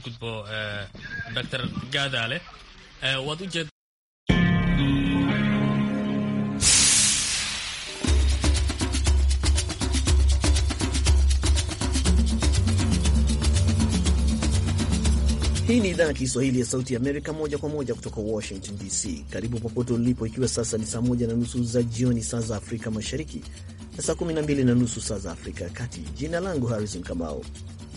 gudbo Dr. Eh, Gadale eh, waad ujeed Hii ni idhaa ya Kiswahili ya Sauti Amerika, moja kwa moja kutoka Washington DC. Karibu popote ulipo, ikiwa sasa ni saa moja na nusu za jioni saa za Afrika Mashariki na saa kumi na mbili na nusu saa za Afrika ya Kati. Jina langu Harrison Kamau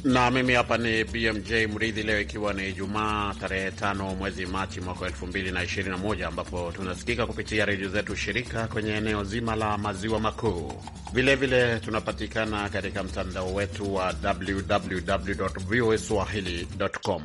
na mimi hapa ni BMJ Mridhi, leo ikiwa ni Ijumaa tarehe tano mwezi Machi mwaka elfu mbili na ishirini na moja ambapo tunasikika kupitia redio zetu shirika kwenye eneo zima la maziwa makuu. Vilevile tunapatikana katika mtandao wetu wa www voa swahili com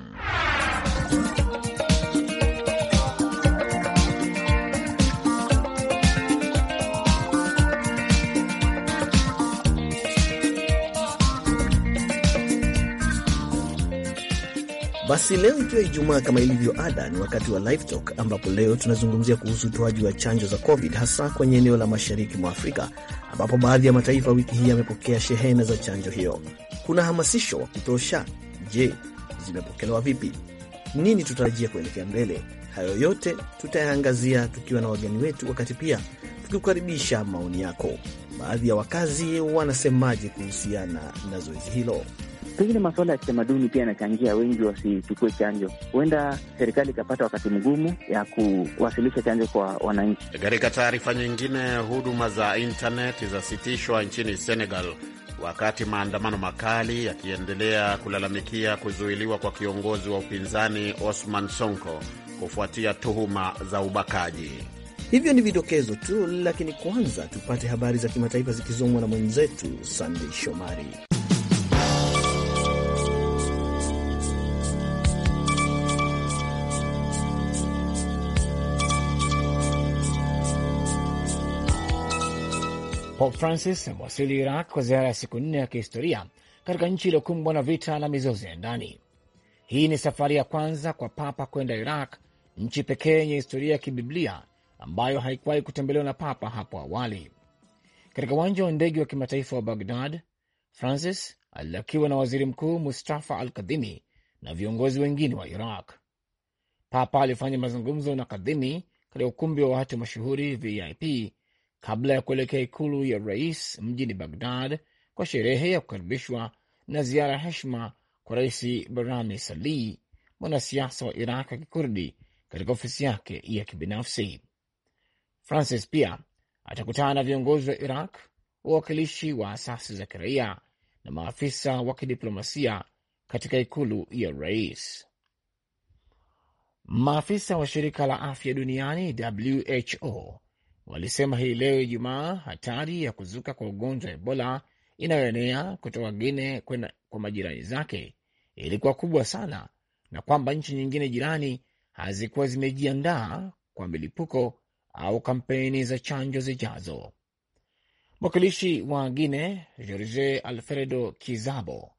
Basi leo ikiwa Ijumaa, kama ilivyo ada, ni wakati wa Live Talk ambapo leo tunazungumzia kuhusu utoaji wa chanjo za COVID hasa kwenye eneo la mashariki mwa Afrika ambapo baadhi ya mataifa wiki hii yamepokea shehena za chanjo hiyo. Kuna hamasisho wa kutosha? Je, zimepokelewa vipi? Nini tutarajia kuelekea mbele? Hayo yote tutayaangazia tukiwa na wageni wetu, wakati pia tukikukaribisha maoni yako. Baadhi ya wakazi wanasemaje kuhusiana na zoezi hilo? Pengine masuala ya kitamaduni pia yanachangia wengi wasichukue chanjo. Huenda serikali ikapata wakati mgumu ya kuwasilisha chanjo kwa wananchi. Katika taarifa nyingine, huduma za intaneti zasitishwa nchini Senegal wakati maandamano makali yakiendelea kulalamikia kuzuiliwa kwa kiongozi wa upinzani Osman Sonko kufuatia tuhuma za ubakaji. Hivyo ni vidokezo tu, lakini kwanza tupate habari za kimataifa zikisomwa na mwenzetu Sandey Shomari. Pope Francis amewasili Iraq kwa ziara ya siku nne ya kihistoria katika nchi iliyokumbwa na vita na mizozo ya ndani. Hii ni safari ya kwanza kwa papa kwenda Iraq, nchi pekee yenye historia ya kibiblia ambayo haikuwahi kutembelewa na papa hapo awali. Katika uwanja wa ndege wa kimataifa wa Bagdad, Francis alilakiwa na waziri mkuu Mustafa al Kadhimi na viongozi wengine wa Iraq. Papa alifanya mazungumzo na Kadhimi katika ukumbi wa watu mashuhuri VIP kabla ya kuelekea ikulu ya rais mjini Bagdad kwa sherehe ya kukaribishwa na ziara ya heshima kwa Rais barani Salih, mwanasiasa wa Iraq ya Kikurdi, katika ofisi yake ya kibinafsi. Francis pia atakutana na viongozi wa Iraq, wawakilishi wa asasi za kiraia na maafisa wa kidiplomasia katika ikulu ya rais. Maafisa wa shirika la afya duniani WHO walisema hii leo Ijumaa hatari ya kuzuka kwa ugonjwa wa Ebola inayoenea kutoka Guine kwenda kwa majirani zake ilikuwa kubwa sana na kwamba nchi nyingine jirani hazikuwa zimejiandaa kwa milipuko au kampeni za chanjo zijazo. Mwakilishi wa Guine george Alfredo Kizabo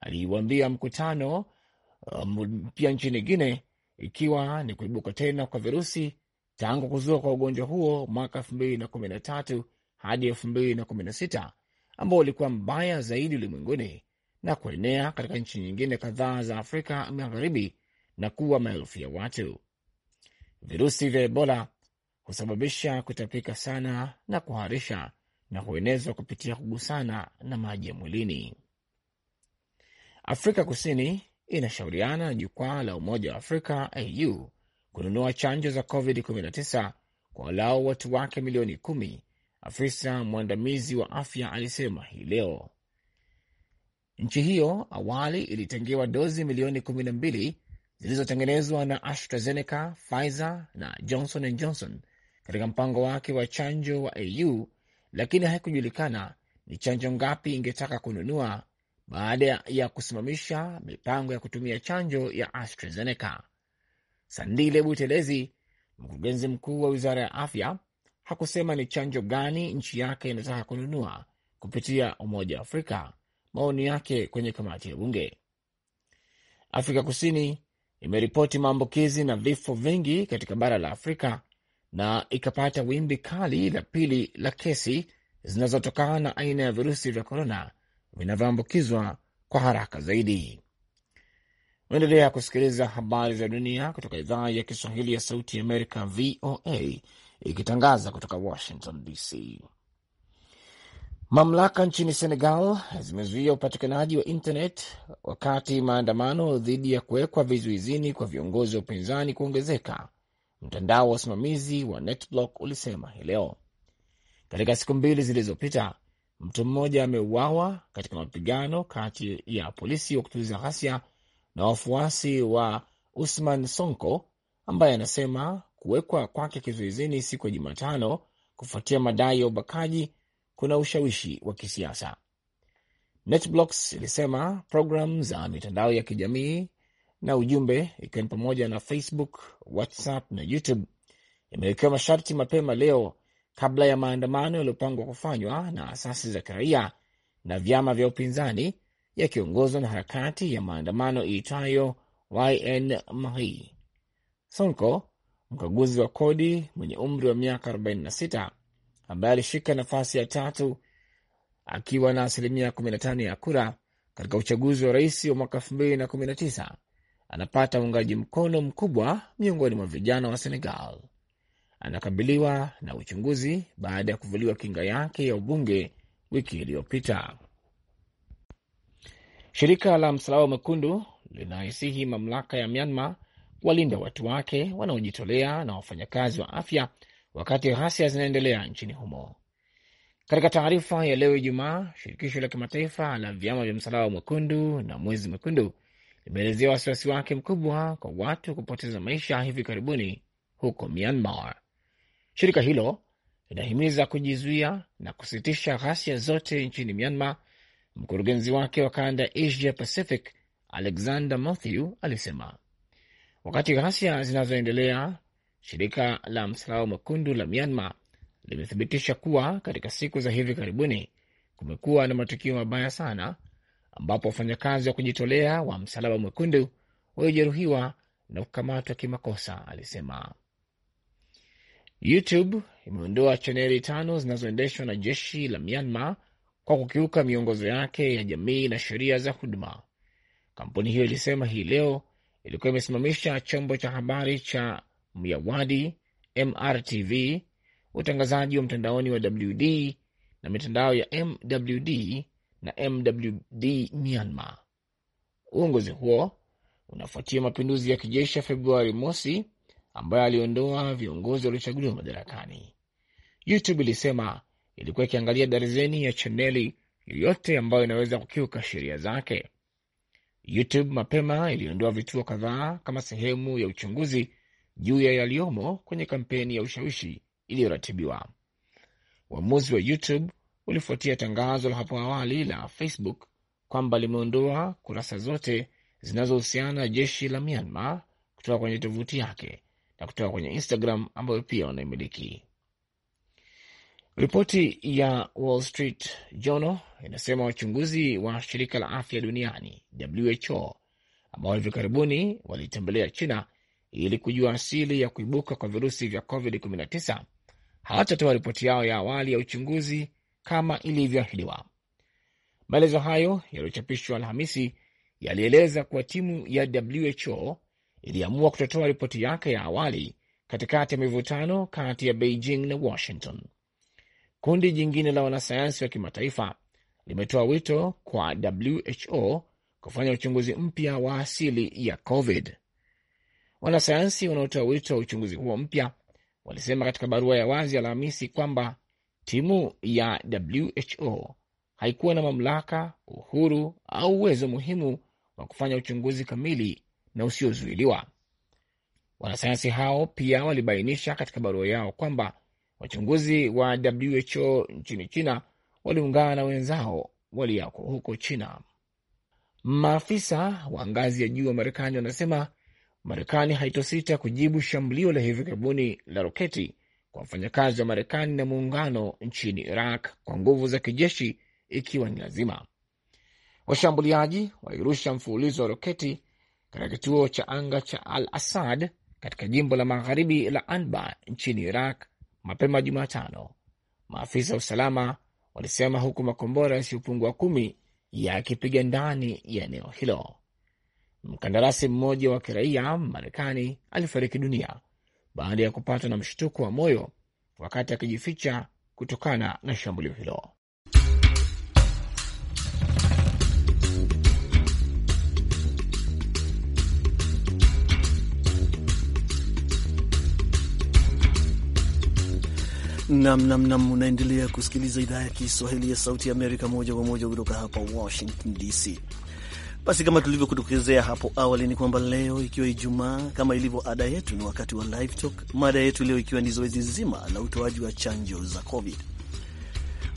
aliwambia mkutano uh, mpya um, nchini Guine ikiwa ni kuibuka tena kwa virusi Tangu kuzua kwa ugonjwa huo mwaka tatu hadi sita ambao ulikuwa mbaya zaidi ulimwenguni na kuenea katika nchi nyingine kadhaa za Afrika Magharibi na kuwa maelfu ya watu. Virusi vya Ebola husababisha kutapika sana na kuharisha na huenezwa kupitia kugusana na maji ya mwilini. Afrika Kusini inashauriana na jukwaa la Umoja wa Afrika au kununua chanjo za COVID-19 kwa walau watu wake milioni kumi, afisa mwandamizi wa afya alisema hii leo. Nchi hiyo awali ilitengewa dozi milioni mbili zilizotengenezwa na AstraZeneca, Pfizer na Johnson and Johnson katika mpango wake wa chanjo wa AU, lakini haikujulikana ni chanjo ngapi ingetaka kununua baada ya kusimamisha mipango ya kutumia chanjo ya AstraZeneca. Sandile Butelezi, mkurugenzi mkuu wa wizara ya afya, hakusema ni chanjo gani nchi yake inataka kununua kupitia Umoja wa Afrika. Maoni yake kwenye kamati ya bunge. Afrika Kusini imeripoti maambukizi na vifo vingi katika bara la Afrika na ikapata wimbi kali la pili la kesi zinazotokana na aina ya virusi vya korona vinavyoambukizwa kwa haraka zaidi. Unaendelea kusikiliza habari za dunia kutoka idhaa ya Kiswahili ya Sauti ya Amerika, VOA, ikitangaza kutoka Washington DC. Mamlaka nchini Senegal zimezuia upatikanaji wa internet wakati maandamano dhidi ya kuwekwa vizuizini kwa viongozi wa upinzani kuongezeka. Mtandao wa usimamizi wa NetBlock ulisema hii leo. Katika siku mbili zilizopita, mtu mmoja ameuawa katika mapigano kati ya polisi wa kutuliza ghasia na wafuasi wa Usman Sonko ambaye anasema kuwekwa kwake kizuizini siku ya Jumatano kufuatia madai ya ubakaji kuna ushawishi wa kisiasa. NetBlocks ilisema programu za mitandao ya kijamii na ujumbe ikiwa ni pamoja na Facebook, WhatsApp na YouTube imewekewa masharti mapema leo kabla ya maandamano yaliyopangwa kufanywa na asasi za kiraia na vyama vya upinzani yakiongozwa na harakati ya maandamano iitayo YN Mahi. Sonko, mkaguzi wa kodi mwenye umri wa miaka 46 ambaye alishika nafasi ya tatu akiwa na asilimia 15 ya kura katika uchaguzi wa rais wa mwaka 2019 anapata uungaji mkono mkubwa miongoni mwa vijana wa Senegal. Anakabiliwa na uchunguzi baada ya kuvuliwa kinga yake ya ubunge wiki iliyopita. Shirika la Msalaba Mwekundu linaisihi mamlaka ya Myanmar kuwalinda watu wake wanaojitolea na wafanyakazi wa afya wakati ghasia zinaendelea nchini humo. Katika taarifa ya leo Ijumaa, shirikisho la kimataifa la vyama vya Msalaba Mwekundu na Mwezi Mwekundu limeelezea wasiwasi wake mkubwa kwa watu kupoteza maisha hivi karibuni huko Myanmar. Shirika hilo linahimiza kujizuia na kusitisha ghasia zote nchini Myanmar Mkurugenzi wake wa kanda ya Asia Pacific Alexander Matthew alisema wakati ghasia zinazoendelea, shirika la Msalaba Mwekundu la Myanmar limethibitisha kuwa katika siku za hivi karibuni kumekuwa na matukio mabaya sana ambapo wafanyakazi wa kujitolea wa Msalaba Mwekundu waliojeruhiwa na kukamatwa kimakosa, alisema. YouTube imeondoa chaneli tano zinazoendeshwa na jeshi la Myanmar kwa kukiuka miongozo yake ya jamii na sheria za huduma. Kampuni hiyo ilisema hii leo ilikuwa imesimamisha chombo cha habari cha myawadi MRTV, utangazaji wa mtandaoni wa WD na mitandao ya MWD na MWD Myanmar. Uongozi huo unafuatia mapinduzi ya kijeshi ya Februari mosi ambayo aliondoa viongozi waliochaguliwa madarakani. YouTube ilisema ilikuwa ikiangalia darzeni ya chaneli yoyote ambayo inaweza kukiuka sheria zake. YouTube mapema iliondoa vituo kadhaa kama sehemu ya uchunguzi juu ya yaliyomo kwenye kampeni ya ushawishi iliyoratibiwa. Uamuzi wa YouTube ulifuatia tangazo la hapo awali la Facebook kwamba limeondoa kurasa zote zinazohusiana na jeshi la Myanmar kutoka kwenye tovuti yake na kutoka kwenye Instagram ambayo pia wanaimiliki. Ripoti ya Wall Street Journal inasema wachunguzi wa shirika la afya duniani WHO ambao hivi karibuni walitembelea China ili kujua asili ya kuibuka kwa virusi vya COVID-19 hawatatoa ripoti yao ya awali ya uchunguzi kama ilivyoahidiwa. Maelezo hayo yaliyochapishwa Alhamisi yalieleza kuwa timu ya WHO iliamua kutotoa ripoti yake ya awali katikati ya mivutano kati ya Beijing na Washington. Kundi jingine la wanasayansi wa kimataifa limetoa wito kwa WHO kufanya uchunguzi mpya wa asili ya COVID. Wanasayansi wanaotoa wito wa uchunguzi huo mpya walisema katika barua ya wazi Alhamisi kwamba timu ya WHO haikuwa na mamlaka, uhuru au uwezo muhimu wa kufanya uchunguzi kamili na usiozuiliwa. Wanasayansi hao pia walibainisha katika barua yao kwamba Wachunguzi wa WHO nchini China waliungana na wenzao waliyako huko China. Maafisa wa ngazi ya juu wa Marekani wanasema Marekani haitosita kujibu shambulio la hivi karibuni la roketi kwa wafanyakazi wa Marekani na muungano nchini Iraq kwa nguvu za kijeshi ikiwa ni lazima. Washambuliaji walirusha mfululizo wa roketi katika kituo cha anga cha Al Asad katika jimbo la magharibi la Anbar nchini Iraq mapema Jumatano, maafisa wa usalama walisema, huku makombora yasiyopungua kumi yakipiga ndani ya eneo hilo. Mkandarasi mmoja wa kiraia Marekani alifariki dunia baada ya kupatwa na mshtuko wa moyo wakati akijificha kutokana na shambulio hilo. namnamnam unaendelea kusikiliza idhaa ya Kiswahili ya Sauti ya Amerika moja kwa moja kutoka hapa Washington DC. Basi kama tulivyokutokezea hapo awali ni kwamba leo ikiwa Ijumaa, kama ilivyo ada yetu, ni wakati wa Live Talk, mada yetu leo ikiwa ni zoezi zima la utoaji wa chanjo za COVID.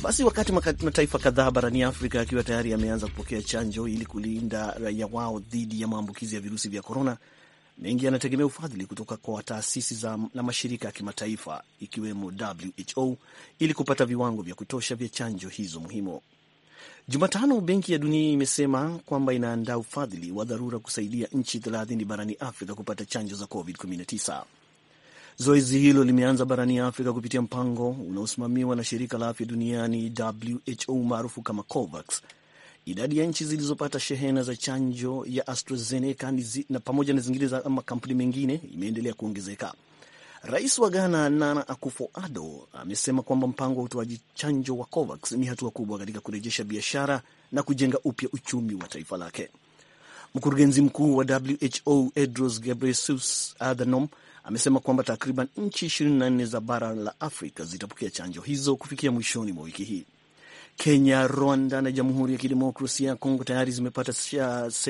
Basi wakati mataifa kadhaa barani Afrika akiwa tayari yameanza kupokea chanjo ili kulinda raia wao dhidi ya maambukizi ya virusi vya korona, Mengi yanategemea ufadhili kutoka kwa taasisi za na mashirika ya kimataifa ikiwemo WHO ili kupata viwango vya kutosha vya chanjo hizo muhimu. Jumatano, Benki ya Dunia imesema kwamba inaandaa ufadhili wa dharura kusaidia nchi 30 barani Afrika kupata chanjo za COVID-19. Zoezi hilo limeanza barani Afrika kupitia mpango unaosimamiwa na shirika la afya duniani WHO maarufu kama COVAX Idadi ya nchi zilizopata shehena za chanjo ya AstraZeneca na pamoja na zingine za makampuni mengine imeendelea kuongezeka. Rais wa Ghana Nana Akufo-Addo amesema kwamba mpango wa utoaji chanjo wa COVAX ni hatua kubwa katika kurejesha biashara na kujenga upya uchumi wa taifa lake. Mkurugenzi mkuu wa WHO Tedros Ghebreyesus Adhanom amesema kwamba takriban nchi 24 za bara la Afrika zitapokea chanjo hizo kufikia mwishoni mwa wiki hii. Kenya, Rwanda na Jamhuri ya Kidemokrasia ya Kongo tayari zimepata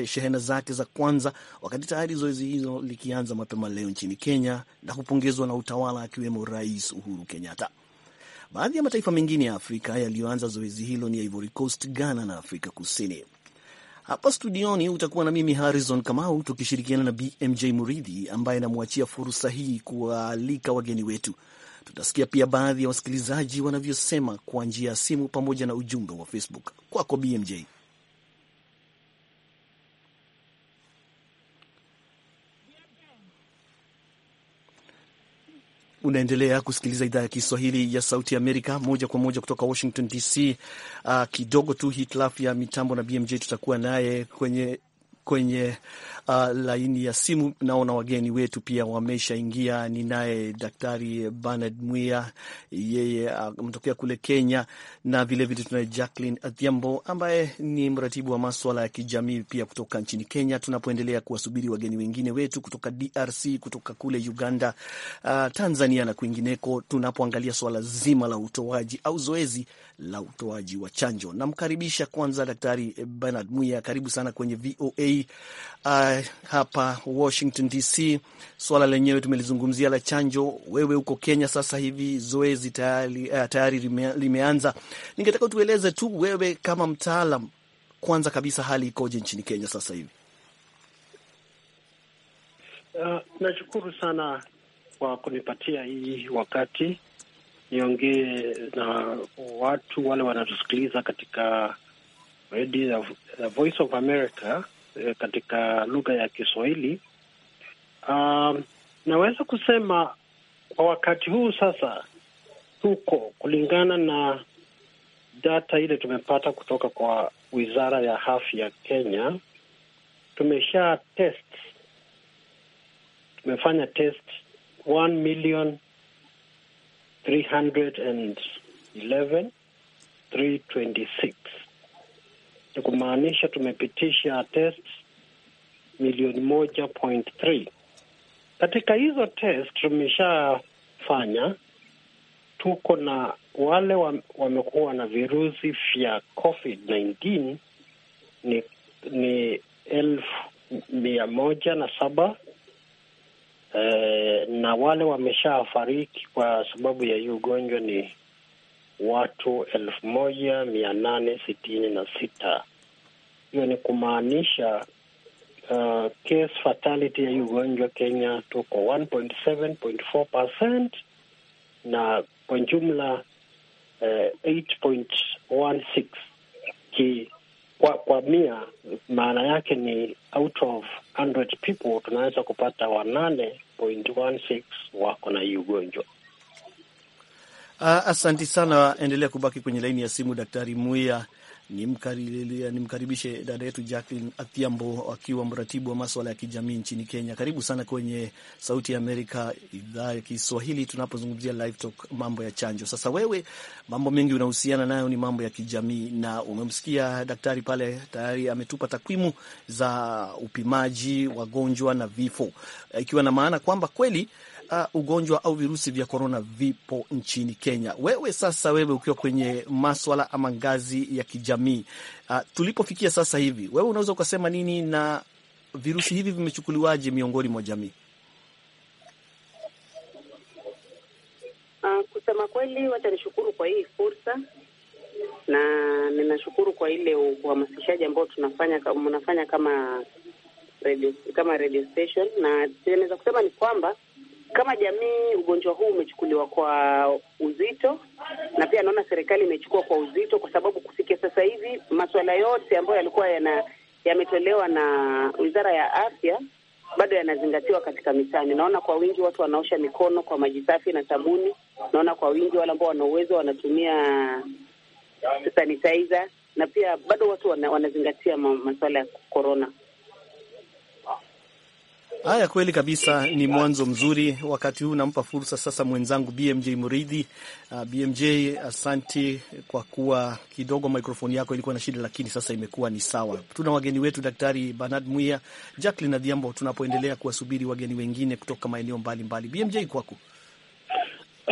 shehena zake za kwanza, wakati tayari zoezi hilo likianza mapema leo nchini Kenya na kupongezwa na utawala, akiwemo Rais Uhuru Kenyatta. Baadhi ya mataifa mengine ya Afrika yaliyoanza zoezi hilo ni Ivory Coast, Ghana na Afrika Kusini. Hapa studioni utakuwa na mimi Harrison Kamau tukishirikiana na BMJ Muridhi ambaye namwachia fursa hii kuwaalika wageni wetu Tutasikia pia baadhi ya wasikilizaji wanavyosema kwa njia ya simu pamoja na ujumbe wa Facebook. Kwako BMJ. Unaendelea kusikiliza idhaa ya Kiswahili ya Sauti ya Amerika moja kwa moja kutoka Washington DC. Uh, ah, kidogo tu hitilafu ya mitambo na BMJ tutakuwa naye kwenye kwenye uh, laini ya simu. Naona wageni wetu pia wameshaingia. Ninaye Daktari Bernard Mwia, yeye uh, ametokea uh, kule Kenya, na vilevile tunaye Jacqueline Adhiambo ambaye ni mratibu wa maswala ya kijamii pia kutoka nchini Kenya, tunapoendelea kuwasubiri wageni wengine wetu kutoka DRC, kutoka kule Uganda, uh, Tanzania na kwingineko, tunapoangalia swala zima la utoaji au zoezi la utoaji wa chanjo. Namkaribisha kwanza Daktari Bernard Muya, karibu sana kwenye VOA uh, hapa Washington DC. Swala lenyewe tumelizungumzia la chanjo, wewe huko Kenya sasa hivi zoezi tayari, uh, tayari lime, limeanza. Ningetaka utueleze tu wewe kama mtaalam, kwanza kabisa hali ikoje nchini Kenya sasa hivi? Uh, nashukuru sana kwa kunipatia hii wakati niongee na watu wale wanatusikiliza katika redio ya Voice of America eh, katika lugha ya Kiswahili. Um, naweza kusema kwa wakati huu sasa tuko kulingana na data ile tumepata kutoka kwa Wizara ya Afya Kenya, tumesha test tumefanya test 1 million 311 326 ni kumaanisha tumepitisha test milioni moja point three. Katika hizo test tumeshafanya, tuko na wale wamekuwa na virusi vya COVID-19 ni, ni elfu mia moja na saba eh, na wale wameshafariki kwa sababu ya hii ugonjwa ni watu elfu moja mia nane sitini na sita. Hiyo ni kumaanisha uh, case fatality ya hii ugonjwa Kenya tuko 1.7.4% na kwa jumla uh, eh, 8.16 ki kwa kwa mia, maana yake ni out of 100 people tunaweza kupata wanane point one six wako na hii ugonjwa. Ah, Asanti sana, endelea kubaki kwenye laini ya simu Daktari mwia nimkaribishe dada yetu Jacqueline Athiambo akiwa mratibu wa maswala ya kijamii nchini Kenya. Karibu sana kwenye Sauti ya Amerika idhaa ya Kiswahili tunapozungumzia live talk, mambo ya chanjo. Sasa wewe, mambo mengi unahusiana nayo ni mambo ya kijamii, na umemsikia daktari pale tayari ametupa takwimu za upimaji wagonjwa na vifo, ikiwa na maana kwamba kweli uh, ugonjwa au virusi vya korona vipo nchini Kenya. Wewe sasa, wewe ukiwa kwenye maswala ama ngazi ya kijamii uh, tulipofikia sasa hivi, wewe unaweza ukasema nini na virusi hivi vimechukuliwaje miongoni mwa jamii? Uh, kusema kweli, wacha nishukuru kwa hii fursa na ninashukuru kwa ile uhamasishaji ambao tunafanya mnafanya kama radio, kama radio station, na naweza kusema ni kwamba kama jamii, ugonjwa huu umechukuliwa kwa uzito, na pia naona serikali imechukua kwa uzito, kwa sababu kufikia sasa hivi masuala yote ambayo yalikuwa yana yametolewa na Wizara ya Afya bado yanazingatiwa katika mitaani. Naona kwa wingi watu wanaosha mikono kwa maji safi na sabuni. Naona kwa wingi wale ambao wana uwezo wanatumia sanitizer, na pia bado watu wana, wanazingatia masuala ya korona. Haya, kweli kabisa, ni mwanzo mzuri. Wakati huu nampa fursa sasa mwenzangu BMJ Muridhi. Uh, ah, BMJ, asanti kwa kuwa kidogo mikrofoni yako ilikuwa na shida, lakini sasa imekuwa ni sawa. Tuna wageni wetu Daktari Bernard mwia Jacqueline Adhiambo, tunapoendelea kuwasubiri wageni wengine kutoka maeneo mbalimbali. BMJ, kwako.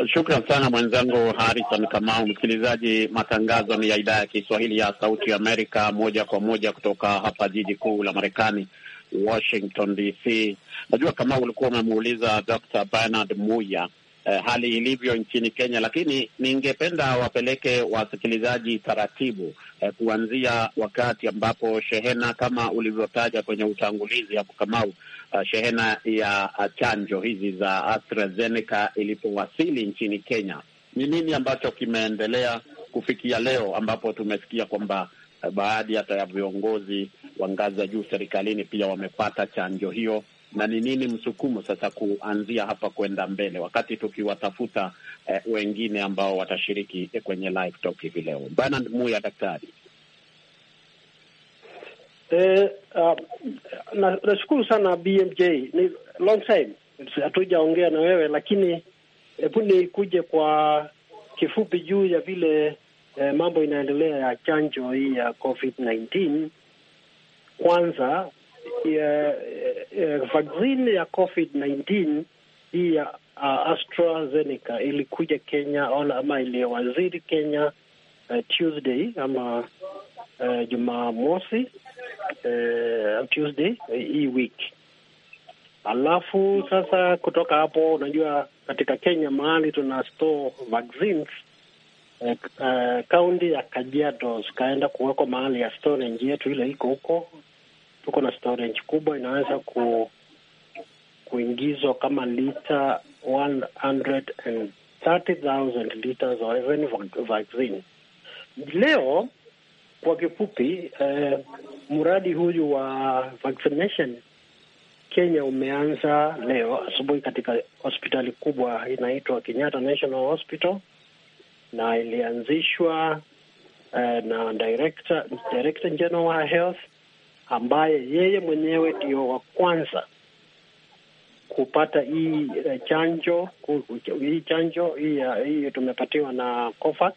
Shukran sana mwenzangu Harison Kamau. Msikilizaji, matangazo ni ya idhaa ya Kiswahili ya Sauti ya Amerika, moja kwa moja kutoka hapa jiji kuu la Marekani. Washington DC. Najua kama ulikuwa umemuuliza Dr. Bernard Muya eh, hali ilivyo nchini Kenya, lakini ningependa wapeleke wasikilizaji taratibu eh, kuanzia wakati ambapo shehena kama ulivyotaja kwenye utangulizi hapo Kamau, uh, shehena ya eh, chanjo hizi za AstraZeneca ilipowasili nchini Kenya, ni nini ambacho kimeendelea kufikia leo ambapo tumesikia kwamba eh, baadhi hata ya viongozi wa ngazi za juu serikalini pia wamepata chanjo hiyo, na ni nini msukumo sasa kuanzia hapa kwenda mbele, wakati tukiwatafuta eh, wengine ambao watashiriki eh, kwenye live talk hivi leo? Bernard Muya, daktari. E, uh, nashukuru na sana BMJ, ni long time hatujaongea na wewe lakini hebu nikuje kwa kifupi juu ya vile eh, mambo inaendelea ya chanjo hii ya COVID-19 kwanza ya, ya vaccine ya COVID-19 hii ya uh, AstraZeneca ilikuja Kenya ama iliyowaziri Kenya uh, Tuesday ama uh, Jumamosi uh, Tuesday hii uh, week alafu sasa kutoka hapo, unajua katika Kenya mahali tuna store vaccines Eh, eh, kaunti ya Kajiado zikaenda kuwekwa mahali ya storage yetu ile iko huko. Tuko na storage kubwa inaweza ku, kuingizwa kama lita 130,000 liters of even vaccine leo. Kwa kifupi eh, mradi huyu wa vaccination Kenya umeanza leo asubuhi katika hospitali kubwa inaitwa Kenyatta National Hospital na ilianzishwa uh, na director, director general wa health ambaye yeye mwenyewe ndio wa kwanza kupata hii uh, chanjo hii chanjo hii, uh, hii tumepatiwa na COVAX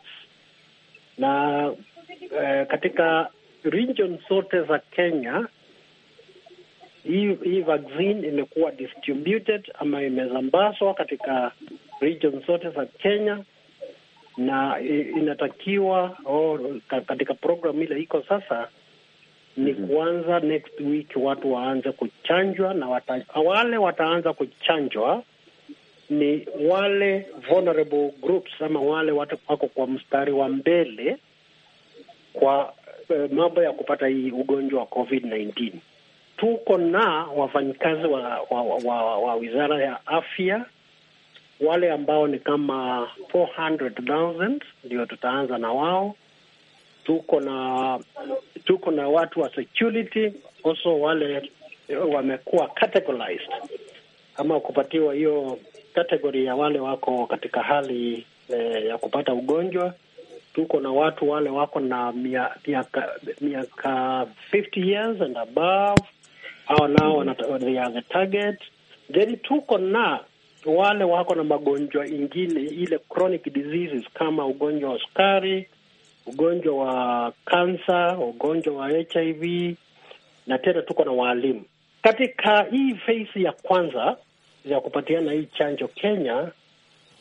na uh, katika region zote za Kenya hii, hii vaccine imekuwa distributed ama imesambazwa katika region zote za Kenya na inatakiwa or, oh, katika programu ile iko sasa ni mhm. kuanza next week, watu waanze kuchanjwa na wata, wale wataanza kuchanjwa ni wale vulnerable groups ama wale watu wako kwa mstari wa mbele kwa eh, mambo ya kupata hii ugonjwa wa COVID-19. Tuko na wafanyikazi wa, wa, wa, wa, wa wizara ya afya wale ambao ni kama 400,000 ndio tutaanza na wao. Tuko na tuko na watu wa security also, wale wamekuwa categorized ama kupatiwa hiyo kategori ya wale wako katika hali eh, ya kupata ugonjwa. Tuko na watu wale wako na miaka miaka 50 years and above, hao nao they are the target. Then tuko na wale wako na magonjwa ingine ile chronic diseases kama ugonjwa wa sukari, ugonjwa wa kansa, ugonjwa wa HIV na tena tuko na waalimu katika hii phase ya kwanza ya kupatiana hii chanjo Kenya,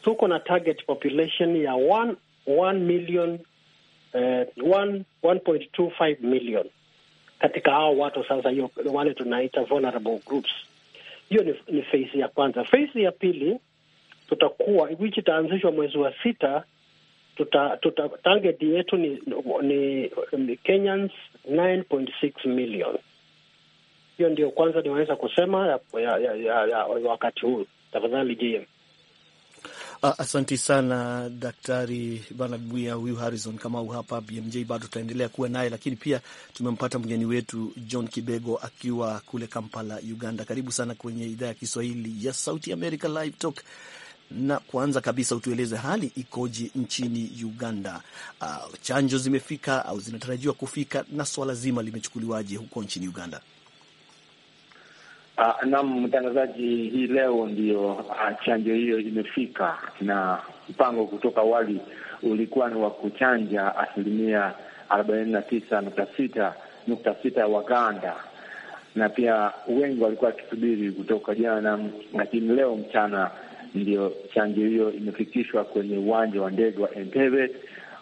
tuko na target population ya 1 1 million eh, 1.25 million katika hao watu sasa, hiyo wale tunaita vulnerable groups hiyo ni, ni phase ya kwanza. Phase ya pili tutakuwa wiki itaanzishwa mwezi wa sita. Tuta, tuta target yetu ni, ni, ni Kenyans 9.6 million. Hiyo ndio kwanza niweza kusema ya, ya, ya, ya, ya wakati huu. Tafadhali GM. Ah, asanti sana Daktari Bernard Buya. Huyu Harrison Kamau hapa BMJ, bado tutaendelea kuwa naye, lakini pia tumempata mgeni wetu John Kibego akiwa kule Kampala, Uganda. Karibu sana kwenye idhaa ya Kiswahili ya Sauti America Live Talk. Na kwanza kabisa utueleze hali ikoje nchini Uganda? Uh, chanjo zimefika au zinatarajiwa kufika, na swala zima limechukuliwaje huko nchini Uganda? Uh, naam mtangazaji, hii leo ndiyo uh, ah, chanjo hiyo imefika, na mpango kutoka awali ulikuwa ni wa kuchanja asilimia arobaini na tisa nukta sita nukta sita ya Waganda, na pia wengi walikuwa wakisubiri kutoka jana, lakini leo mchana ndiyo chanjo hiyo imefikishwa kwenye uwanja wa ndege wa Entebbe,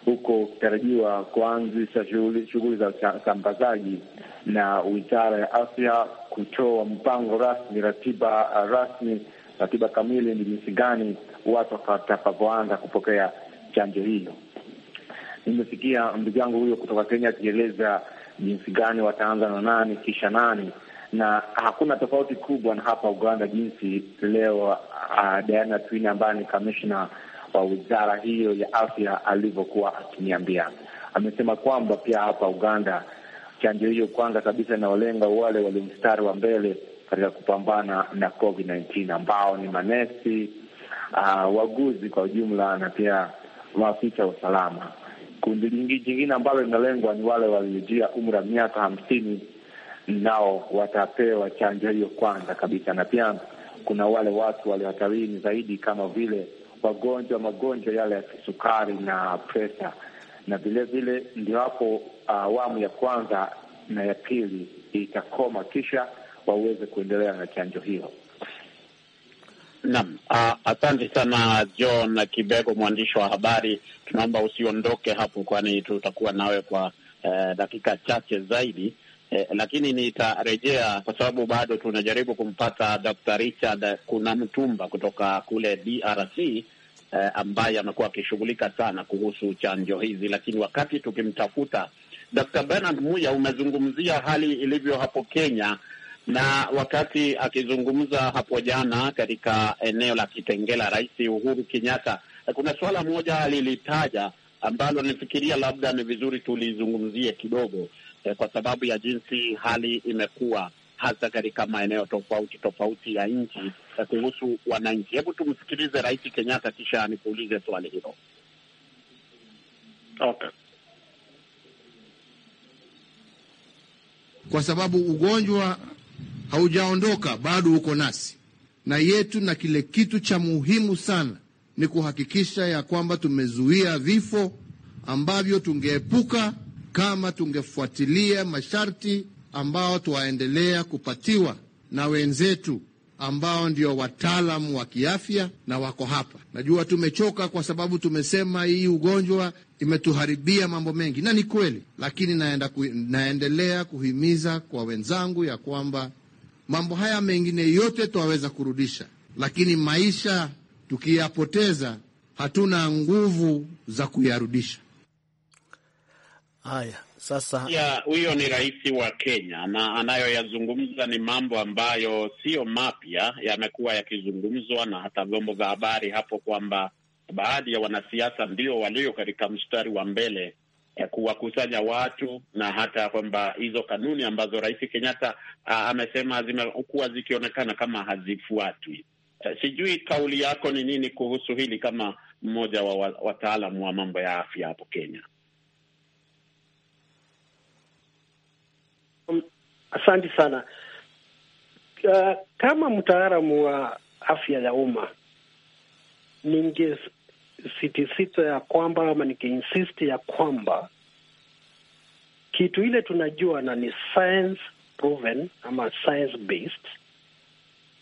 huko ukitarajiwa kuanzisha shughuli za usambazaji na Wizara ya Afya kutoa mpango rasmi, ratiba uh, rasmi, ratiba kamili ni jinsi gani watu watakavyoanza kupokea chanjo hiyo. Nimesikia ndugu yangu huyo kutoka Kenya akieleza jinsi gani wataanza na nani kisha nani, na hakuna tofauti kubwa na hapa Uganda, jinsi leo uh, Diana Twini ambaye ni kamishna wa wizara hiyo ya afya alivyokuwa akiniambia. Amesema kwamba pia hapa Uganda Chanjo hiyo kwanza kabisa inaolenga wale walio mstari wa mbele katika kupambana na COVID 19 ambao ni manesi, uh, ah, waguzi kwa ujumla na pia maafisa wa usalama. Kundi lingi jingine ambalo linalengwa ni wale waliojia umri wa miaka hamsini, nao watapewa chanjo hiyo kwanza kabisa, na pia kuna wale watu waliohatarini zaidi kama vile wagonjwa magonjwa yale ya kisukari na presha na vilevile ndio hapo ah, awamu ya kwanza na ya pili itakoma, kisha waweze kuendelea na chanjo hiyo. Naam, ah, asante sana John Kibego, mwandishi wa habari. Tunaomba usiondoke hapo, kwani tutakuwa nawe kwa eh, dakika chache zaidi eh, lakini nitarejea kwa sababu bado tunajaribu kumpata Dr. Richard kuna mtumba kutoka kule DRC eh, ambaye amekuwa akishughulika sana kuhusu chanjo hizi. Lakini wakati tukimtafuta Dr. Bernard Muya, umezungumzia hali ilivyo hapo Kenya, na wakati akizungumza hapo jana katika eneo la Kitengela, Rais Uhuru Kenyatta, kuna suala moja alilitaja ambalo nifikiria labda ni vizuri tulizungumzie kidogo eh, kwa sababu ya jinsi hali imekuwa hasa katika maeneo tofauti tofauti ya nchi kuhusu wananchi. Hebu tumsikilize Rais Kenyatta, kisha nikuulize swali hilo. Okay. Kwa sababu ugonjwa haujaondoka bado, uko nasi na yetu, na kile kitu cha muhimu sana ni kuhakikisha ya kwamba tumezuia vifo ambavyo tungeepuka kama tungefuatilia masharti ambao tuwaendelea kupatiwa na wenzetu ambao ndio wataalamu wa kiafya na wako hapa. Najua tumechoka kwa sababu tumesema hii ugonjwa imetuharibia mambo mengi, na ni kweli, lakini naenda ku, naendelea kuhimiza kwa wenzangu ya kwamba mambo haya mengine yote twaweza kurudisha, lakini maisha tukiyapoteza hatuna nguvu za kuyarudisha. Haya, sasa huyo ni rais wa Kenya na anayoyazungumza ni mambo ambayo siyo mapya, yamekuwa yakizungumzwa na hata vyombo vya habari hapo kwamba baadhi ya wanasiasa ndio walio katika mstari wa mbele ya e, kuwakusanya watu na hata kwamba hizo kanuni ambazo rais Kenyatta amesema zimekuwa zikionekana kama hazifuatwi. E, sijui kauli yako ni nini kuhusu hili, kama mmoja wa wataalamu wa mambo ya afya hapo Kenya? Asante sana. Uh, kama mtaalamu wa afya ya umma ningesitisita ya kwamba ama nikiinsist ya kwamba kitu ile tunajua na ni science proven ama science based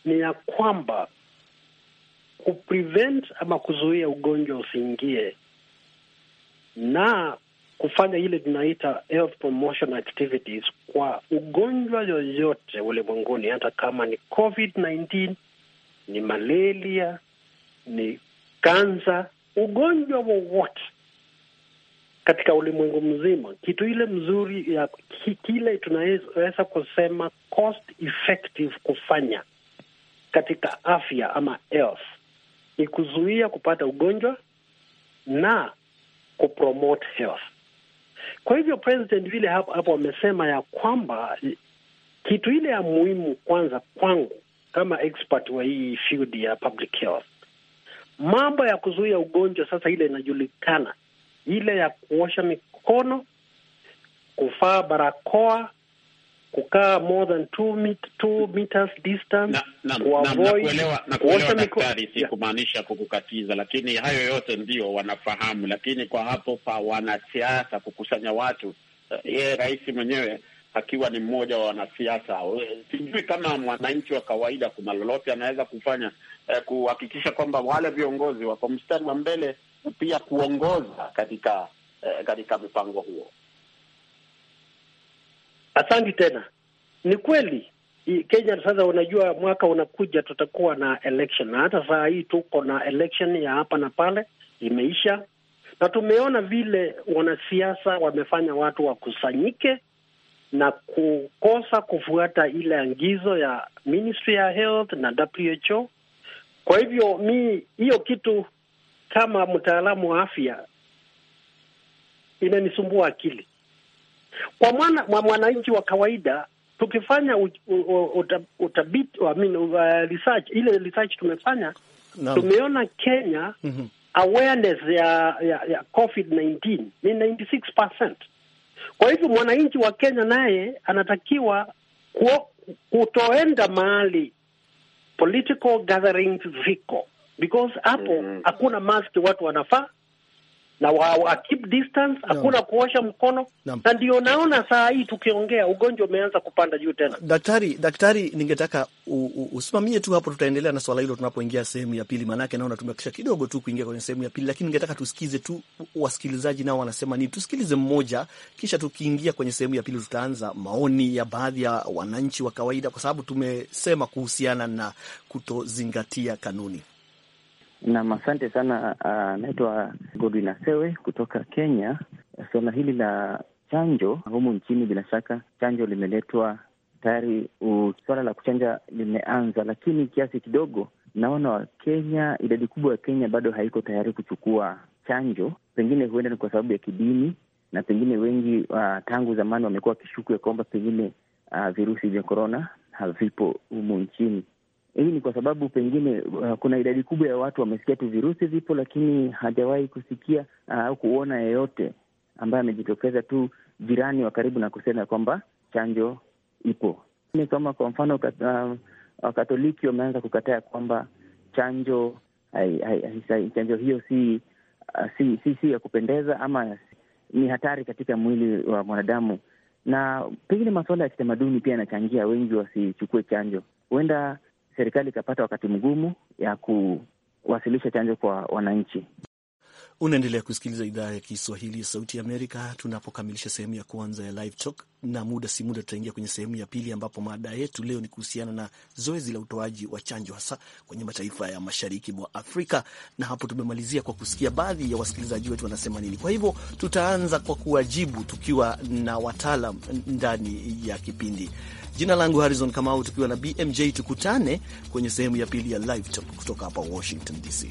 ni ya kwamba kuprevent ama kuzuia ugonjwa usiingie na kufanya ile tunaita health promotion activities kwa ugonjwa yoyote ulimwenguni, hata kama ni COVID-19, ni malaria, ni kansa, ugonjwa wowote katika ulimwengu mzima, kitu ile mzuri ya kile tunaweza kusema cost effective kufanya katika afya ama health ni kuzuia kupata ugonjwa na kupromote health. Kwa hivyo president vile hapo hapo amesema ya kwamba kitu ile ya muhimu kwanza kwangu kama expert wa hii field ya public health, mambo ya kuzuia ugonjwa sasa ile inajulikana, ile ya kuosha mikono, kuvaa barakoa kukaa more than two two meters distance na, na, na, na kuelewa daktari, si kumaanisha kukukatiza, lakini hayo yote ndio wanafahamu, lakini kwa hapo pa wanasiasa kukusanya watu eh, yeye rais mwenyewe akiwa ni mmoja wa wanasiasa, sijui kama mwananchi wa kawaida kuna lolote anaweza kufanya eh, kuhakikisha kwamba wale viongozi wako mstari wa mbele pia kuongoza katika eh, katika mpango huo. Asante tena. Ni kweli Kenya sasa, unajua mwaka unakuja tutakuwa na election, na hata saa hii tuko na election ya hapa na pale, imeisha na tumeona vile wanasiasa wamefanya watu wakusanyike na kukosa kufuata ile angizo ya Ministry ya Health na WHO. Kwa hivyo mi hiyo kitu kama mtaalamu wa afya inanisumbua akili, kwa mwana, mwananchi wa kawaida tukifanya utabiti I mean, uh, research ile research tumefanya no. Tumeona Kenya mm -hmm. Awareness ya ya, ya COVID-19 ni 96%. Kwa hivyo mwananchi wa Kenya naye anatakiwa kutoenda mahali political gatherings ziko because hapo mm -hmm. hakuna mask watu wanafaa na wa, wa keep distance, hakuna no. kuosha mkono no. na ndio naona saa hii tukiongea ugonjwa umeanza kupanda juu tena. Daktari, daktari, ningetaka usimamie tu hapo, tutaendelea na swala hilo tunapoingia sehemu ya pili, maanake naona tumekisha kidogo tu kuingia kwenye sehemu ya pili, lakini ningetaka tusikize tu wasikilizaji nao wanasema nini. Tusikilize mmoja, kisha tukiingia kwenye sehemu ya pili tutaanza maoni ya baadhi ya wananchi wa kawaida, kwa sababu tumesema kuhusiana na kutozingatia kanuni. Nam, asante sana. Anaitwa ah, uh, Godwin Asewe kutoka Kenya. Suala hili la chanjo humu nchini, bila shaka chanjo limeletwa tayari, suala la kuchanja limeanza, lakini kiasi kidogo naona Wakenya, idadi kubwa ya Kenya bado haiko tayari kuchukua chanjo. Pengine huenda ni kwa sababu ya kidini, na pengine wengi uh, tangu zamani wamekuwa wakishuku ya kwamba pengine uh, virusi vya korona havipo humu nchini hii ni kwa sababu pengine uh, kuna idadi kubwa ya watu wamesikia tu virusi vipo, lakini hajawahi kusikia uh, au uh, kuona yeyote ambaye amejitokeza tu jirani wa karibu na kusema kwamba chanjo ipo. Ni kama kwa mfano uh, Wakatoliki uh, wameanza kukataa kwamba chanjo hai, hai, hai, chanjo hiyo si, uh, si, si, si ya kupendeza ama ni hatari katika mwili wa mwanadamu, na pengine masuala ya kitamaduni pia yanachangia wengi wasichukue chanjo. Huenda serikali ikapata wakati mgumu ya kuwasilisha chanjo kwa wananchi. Unaendelea kusikiliza idhaa ya Kiswahili ya Sauti ya Amerika tunapokamilisha sehemu ya kwanza ya Live Talk, na muda si muda tutaingia kwenye sehemu ya pili, ambapo mada yetu leo ni kuhusiana na zoezi la utoaji wa chanjo hasa kwenye mataifa ya mashariki mwa Afrika, na hapo tumemalizia kwa kusikia baadhi ya wasikilizaji wetu wanasema nini. Kwa hivyo tutaanza kwa kuwajibu tukiwa na wataalam ndani ya kipindi. Jina langu Harrison Kamau, tukiwa na BMJ. Tukutane kwenye sehemu ya pili ya Live Talk kutoka hapa Washington DC.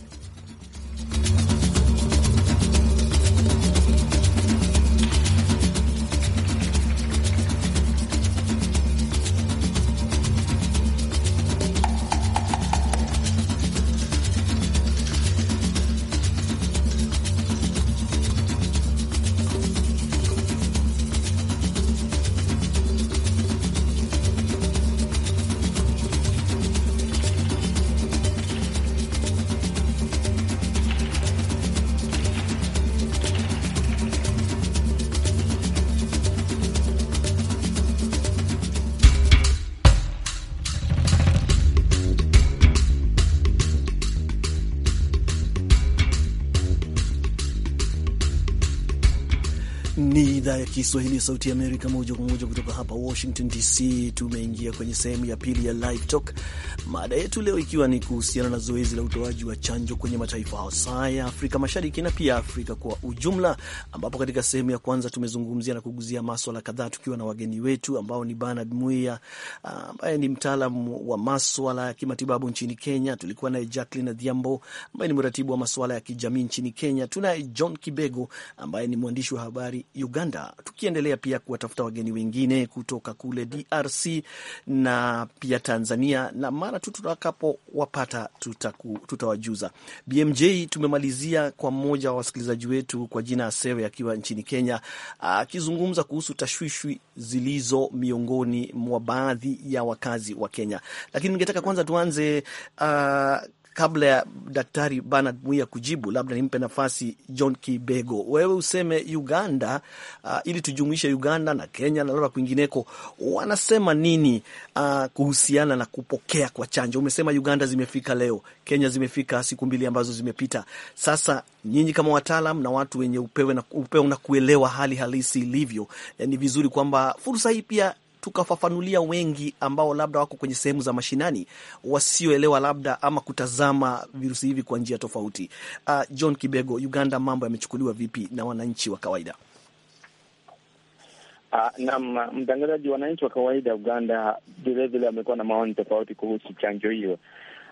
Kiswahili ya Sauti ya Amerika moja kwa moja kutoka hapa Washington DC. Tumeingia kwenye sehemu ya pili ya Live Talk Mada yetu leo ikiwa ni kuhusiana na zoezi la utoaji wa chanjo kwenye mataifa hasa ya Afrika Mashariki na pia Afrika kwa ujumla, ambapo katika sehemu ya kwanza tumezungumzia na kuguzia maswala kadhaa tukiwa na wageni wetu ambao ni Bernard Muya ah, ambaye ni mtaalam wa maswala ya kimatibabu nchini Kenya. Tulikuwa naye Jacqueline Adhiambo ambaye ni mratibu wa maswala ya kijamii nchini Kenya. Tunaye John Kibego ambaye ni mwandishi wa habari Uganda, tukiendelea pia kuwatafuta wageni wengine kutoka kule DRC na pia Tanzania na mara tu tutakapowapata tutawajuza. BMJ, tumemalizia kwa mmoja wa wasikilizaji wetu kwa jina Asewe akiwa nchini Kenya akizungumza kuhusu tashwishwi zilizo miongoni mwa baadhi ya wakazi wa Kenya, lakini ningetaka kwanza tuanze uh, kabla ya Daktari Bernard Muia kujibu, labda nimpe nafasi John Kibego, wewe useme Uganda uh, ili tujumuishe Uganda na Kenya na labda kwingineko, wanasema nini uh, kuhusiana na kupokea kwa chanjo? Umesema Uganda zimefika leo, Kenya zimefika siku mbili ambazo zimepita. Sasa nyinyi kama wataalam na watu wenye upeo na, upeo na kuelewa hali halisi ilivyo, eh, ni vizuri kwamba fursa hii pia tukafafanulia wengi ambao labda wako kwenye sehemu za mashinani wasioelewa labda ama kutazama virusi hivi kwa njia tofauti. Uh, John Kibego, Uganda mambo yamechukuliwa vipi na wananchi wa kawaida? Uh, naam, mtangazaji, wananchi wa kawaida Uganda vilevile wamekuwa na maoni tofauti kuhusu chanjo hiyo.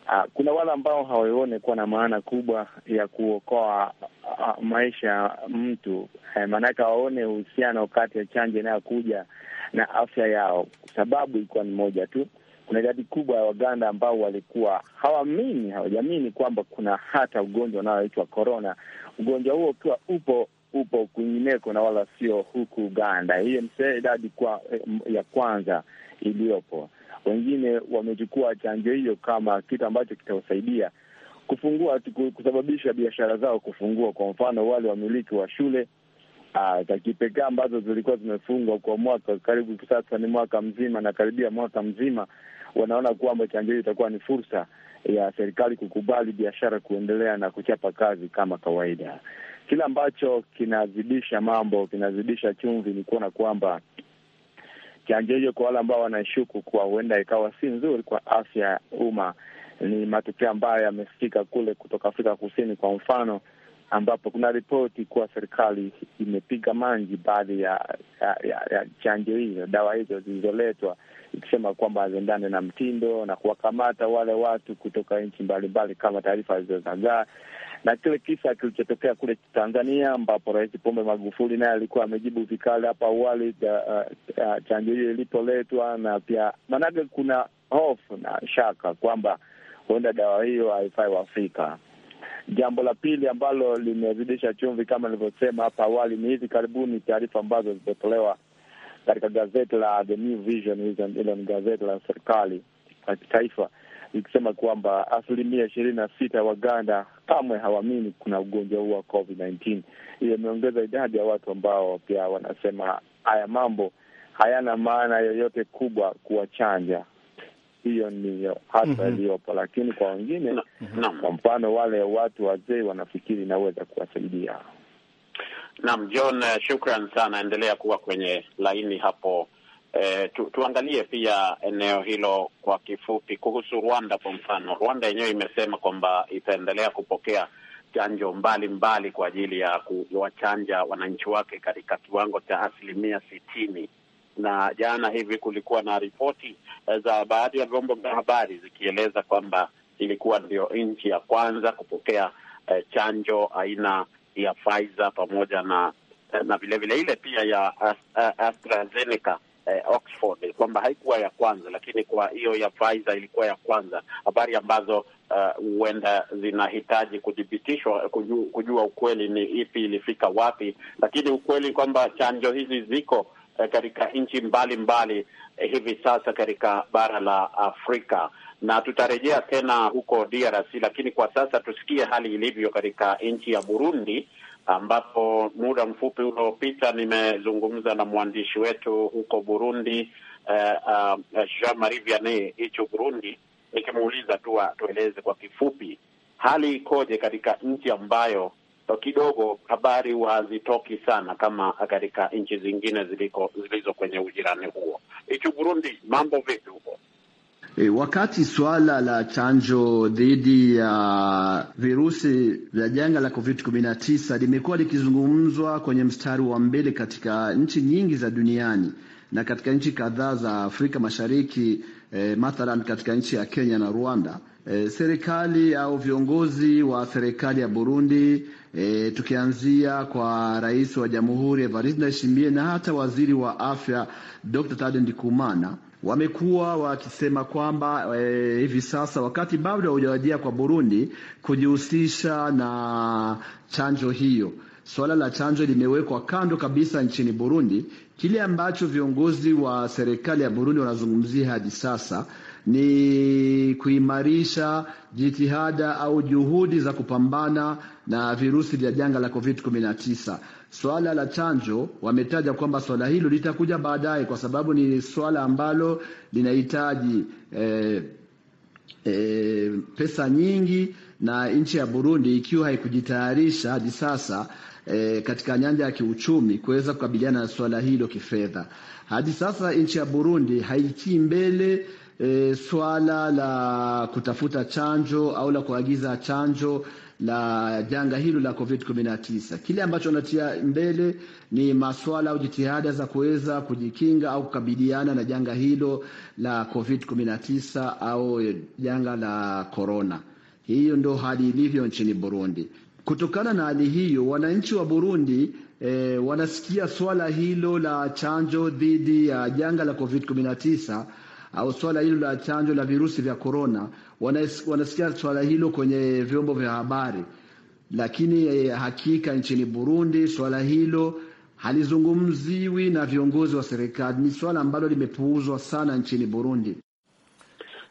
Uh, kuna wale ambao hawaione kuwa na maana kubwa ya kuokoa uh, maisha mtu eh, maanake hawaone uhusiano kati ya chanjo inayokuja na afya yao. Sababu ilikuwa ni moja tu, kuna idadi kubwa ya Waganda ambao walikuwa hawamini, hawajaamini kwamba kuna hata ugonjwa unaoitwa korona, ugonjwa huo ukiwa upo upo kwingineko na wala sio huku Uganda. Hiyo ni idadi kwa eh, ya kwanza iliyopo. Wengine wamechukua chanjo hiyo kama kitu ambacho kitawasaidia kufungua, kusababisha biashara zao kufungua. Kwa mfano, wale wamiliki wa shule Ah, za kipekee ambazo zilikuwa zimefungwa kwa mwaka karibu sasa ni mwaka mzima na karibia mwaka mzima, wanaona kwamba chanjo hii itakuwa ni fursa ya serikali kukubali biashara kuendelea na kuchapa kazi kama kawaida. Kile ambacho kinazidisha mambo, kinazidisha chumvi ni kuona kwamba chanjo hiyo, kwa wale ambao wanashuku kuwa huenda ikawa si nzuri kwa afya ya umma, ni matokeo ambayo yamesikika kule kutoka Afrika Kusini, kwa mfano ambapo kuna ripoti kuwa serikali imepiga manji baadhi ya, ya, ya, ya chanjo hizo, dawa hizo zilizoletwa, ikisema kwamba haziendane na mtindo na kuwakamata wale watu kutoka nchi mbalimbali kama taarifa alizozagaa na kile kisa kilichotokea kule Tanzania ambapo Rais Pombe Magufuli naye alikuwa amejibu vikali hapo awali uh, uh, chanjo hiyo ilipoletwa, na pia maanake kuna hofu na shaka kwamba huenda dawa hiyo haifai Waafrika. Jambo la pili ambalo limezidisha chumvi kama nilivyosema hapa awali ni hivi karibuni taarifa ambazo zilizotolewa katika gazeti la The New Vision, hilo ni gazeti la serikali la kitaifa likisema kwamba asilimia ishirini na sita ya Waganda kamwe hawaamini kuna ugonjwa huu wa Covid 19. Hiyo imeongeza idadi ya watu ambao pia wanasema haya mambo hayana maana yoyote kubwa kuwachanja hiyo ni hasa mhm. iliyopo, lakini kwa wengine no, no. Kwa mfano wale watu wazee wanafikiri inaweza kuwasaidia. Naam, John, eh, shukran sana, endelea kuwa kwenye laini hapo. E, tu, tuangalie pia eneo hilo kwa kifupi kuhusu Rwanda. Kwa mfano, Rwanda yenyewe imesema kwamba itaendelea kupokea chanjo mbalimbali mbali kwa ajili ya kuwachanja wananchi wake katika kiwango cha asilimia sitini na jana hivi kulikuwa na ripoti eh, za baadhi ya vyombo vya habari zikieleza kwamba ilikuwa ndio nchi ya kwanza kupokea eh, chanjo aina ya Pfizer pamoja na eh, na vilevile ile pia ya eh, AstraZeneca eh, Oxford, kwamba haikuwa ya kwanza, lakini kwa hiyo ya Pfizer ilikuwa ya kwanza, habari ambazo eh, huenda uh, zinahitaji kuthibitishwa kujua, kujua ukweli ni ipi ilifika wapi, lakini ukweli kwamba chanjo hizi ziko Eh, katika nchi mbalimbali eh, hivi sasa katika bara la Afrika, na tutarejea tena huko DRC, lakini kwa sasa tusikie hali ilivyo katika nchi ya Burundi ambapo muda mfupi uliopita nimezungumza na mwandishi wetu huko Burundi eh, uh, eh, Jean Marie Vianney hicho Burundi, nikimuuliza tu atueleze kwa kifupi hali ikoje katika nchi ambayo kidogo habari hazitoki sana kama katika nchi zingine ziliko zilizo kwenye ujirani huo. Hicho Burundi, mambo vipi huko? E, wakati suala la chanjo dhidi ya virusi vya janga la COVID-19 limekuwa likizungumzwa kwenye mstari wa mbele katika nchi nyingi za duniani na katika nchi kadhaa za Afrika Mashariki e, mathalan katika nchi ya Kenya na Rwanda e, serikali au viongozi wa serikali ya Burundi e, tukianzia kwa rais wa jamhuri Evariste Ndayishimiye na hata waziri wa afya Dr. Thaddee Ndikumana wamekuwa wakisema kwamba e, hivi sasa wakati bado haujawajia kwa Burundi kujihusisha na chanjo hiyo suala la chanjo limewekwa kando kabisa nchini Burundi. Kile ambacho viongozi wa serikali ya Burundi wanazungumzia hadi sasa ni kuimarisha jitihada au juhudi za kupambana na virusi vya janga la COVID-19. Swala la chanjo wametaja kwamba swala hilo litakuja baadaye, kwa sababu ni swala ambalo linahitaji eh, eh, pesa nyingi na nchi ya Burundi ikiwa haikujitayarisha hadi sasa e, katika nyanja ya kiuchumi kuweza kukabiliana na swala hilo kifedha. Hadi sasa nchi ya Burundi haitii mbele e, swala la kutafuta chanjo au la kuagiza chanjo la janga hilo la COVID-19. Kile ambacho wanatia mbele ni maswala au jitihada za kuweza kujikinga au kukabiliana na janga hilo la COVID-19 au janga la corona. Hiyo ndio hali ilivyo nchini Burundi. Kutokana na hali hiyo, wananchi wa Burundi e, wanasikia swala hilo la chanjo dhidi ya janga la COVID-19 au swala hilo la chanjo la virusi vya korona, wanasikia swala hilo kwenye vyombo vya habari, lakini e, hakika nchini Burundi swala hilo halizungumziwi na viongozi wa serikali. Ni swala ambalo limepuuzwa sana nchini Burundi.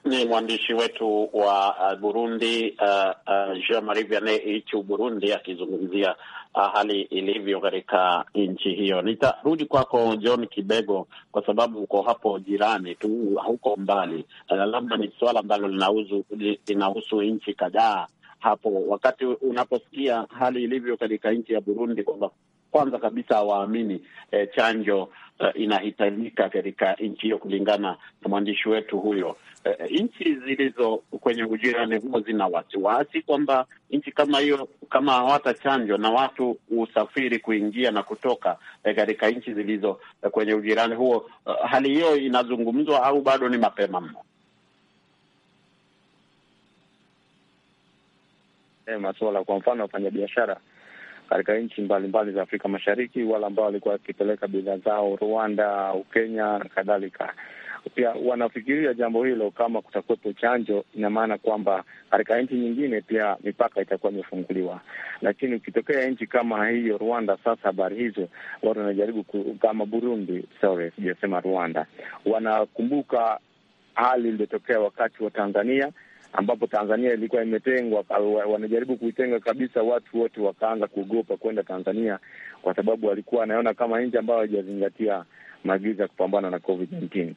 Ni mwandishi wetu wa uh, Burundi uh, uh, Jean Marie Vianney Burundi akizungumzia uh, hali ilivyo katika nchi hiyo. Nitarudi kwako John Kibego kwa sababu uko hapo jirani tu, huko mbali uh, labda ni suala ambalo linahusu nchi kadhaa hapo. Wakati unaposikia hali ilivyo katika nchi ya Burundi kwamba kwanza kabisa hawaamini eh, chanjo eh, inahitajika katika nchi hiyo, kulingana na mwandishi wetu huyo. Eh, nchi zilizo kwenye ujirani huo zina wasiwasi kwamba nchi kama hiyo kama hawata chanjo na watu usafiri kuingia na kutoka e, katika nchi zilizo eh, kwenye ujirani huo, eh, hali hiyo inazungumzwa au bado ni mapema mno? Eh, masuala kwa mfano wafanyabiashara katika nchi mbalimbali za Afrika Mashariki, wale ambao walikuwa wakipeleka bidhaa zao Rwanda, Ukenya na kadhalika. Pia wanafikiria jambo hilo, kama kutakuwepo chanjo, ina maana kwamba katika nchi nyingine pia mipaka itakuwa imefunguliwa. Lakini ukitokea nchi kama hiyo Rwanda, sasa habari hizo watu wanajaribu kama Burundi, sorry, sijasema Rwanda, wanakumbuka hali iliyotokea wakati wa Tanzania ambapo Tanzania ilikuwa imetengwa, wanajaribu kuitenga kabisa. Watu wote wakaanza kuogopa kwenda Tanzania kwa sababu walikuwa wanaona kama nchi ambayo haijazingatia maagizo ya kupambana na Covid 19.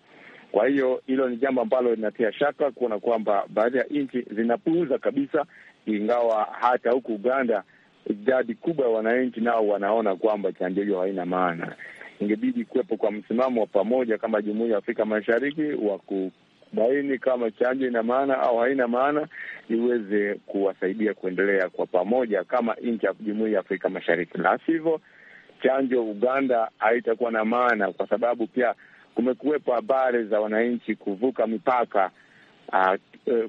Kwa hiyo hilo ni jambo ambalo linatia shaka kuona kwamba baadhi ya nchi zinapuuza kabisa, ingawa hata huku Uganda idadi kubwa ya wananchi nao wanaona kwamba chanjo hiyo haina maana. Ingebidi kuwepo kwa msimamo wa pamoja kama Jumuiya ya Afrika Mashariki wa ku kubaini kama chanjo ina maana au haina maana, iweze kuwasaidia kuendelea kwa pamoja kama nchi ya jumuiya ya Afrika Mashariki, La sivyo chanjo Uganda haitakuwa na maana, kwa sababu pia kumekuwepo habari za wananchi kuvuka mipaka uh,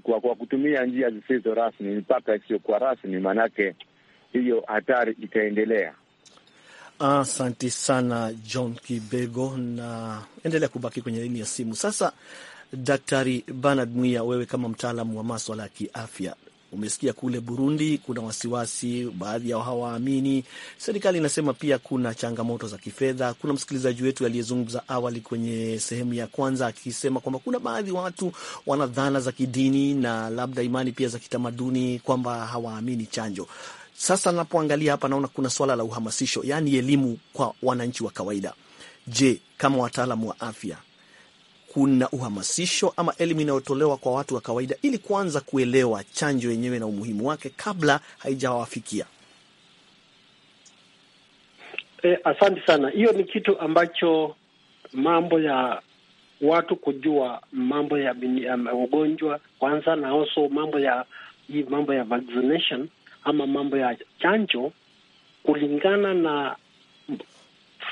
kwa, kwa kutumia njia zisizo rasmi, mipaka isiyokuwa rasmi, maanake hiyo hatari itaendelea. Asante sana John Kibego, na endelea kubaki kwenye laini ya simu sasa. Daktari Bernard Mwia, wewe kama mtaalamu wa maswala ya kiafya, umesikia kule Burundi kuna wasiwasi, baadhi yao hawaamini serikali. Inasema pia kuna changamoto za kifedha. Kuna msikilizaji wetu aliyezungumza awali kwenye sehemu ya kwanza akisema kwamba kuna baadhi ya watu wana dhana za kidini na labda imani pia za kitamaduni kwamba hawaamini chanjo. Sasa napoangalia hapa, naona kuna swala la uhamasisho, yaani elimu kwa wananchi wa kawaida. Je, kama wataalamu wa afya kuna uhamasisho ama elimu inayotolewa kwa watu wa kawaida ili kuanza kuelewa chanjo yenyewe na umuhimu wake kabla haijawafikia? E, asante sana. Hiyo ni kitu ambacho mambo ya watu kujua mambo ya, ya ugonjwa kwanza na also mambo ya hii mambo ya vaccination ama mambo ya chanjo kulingana na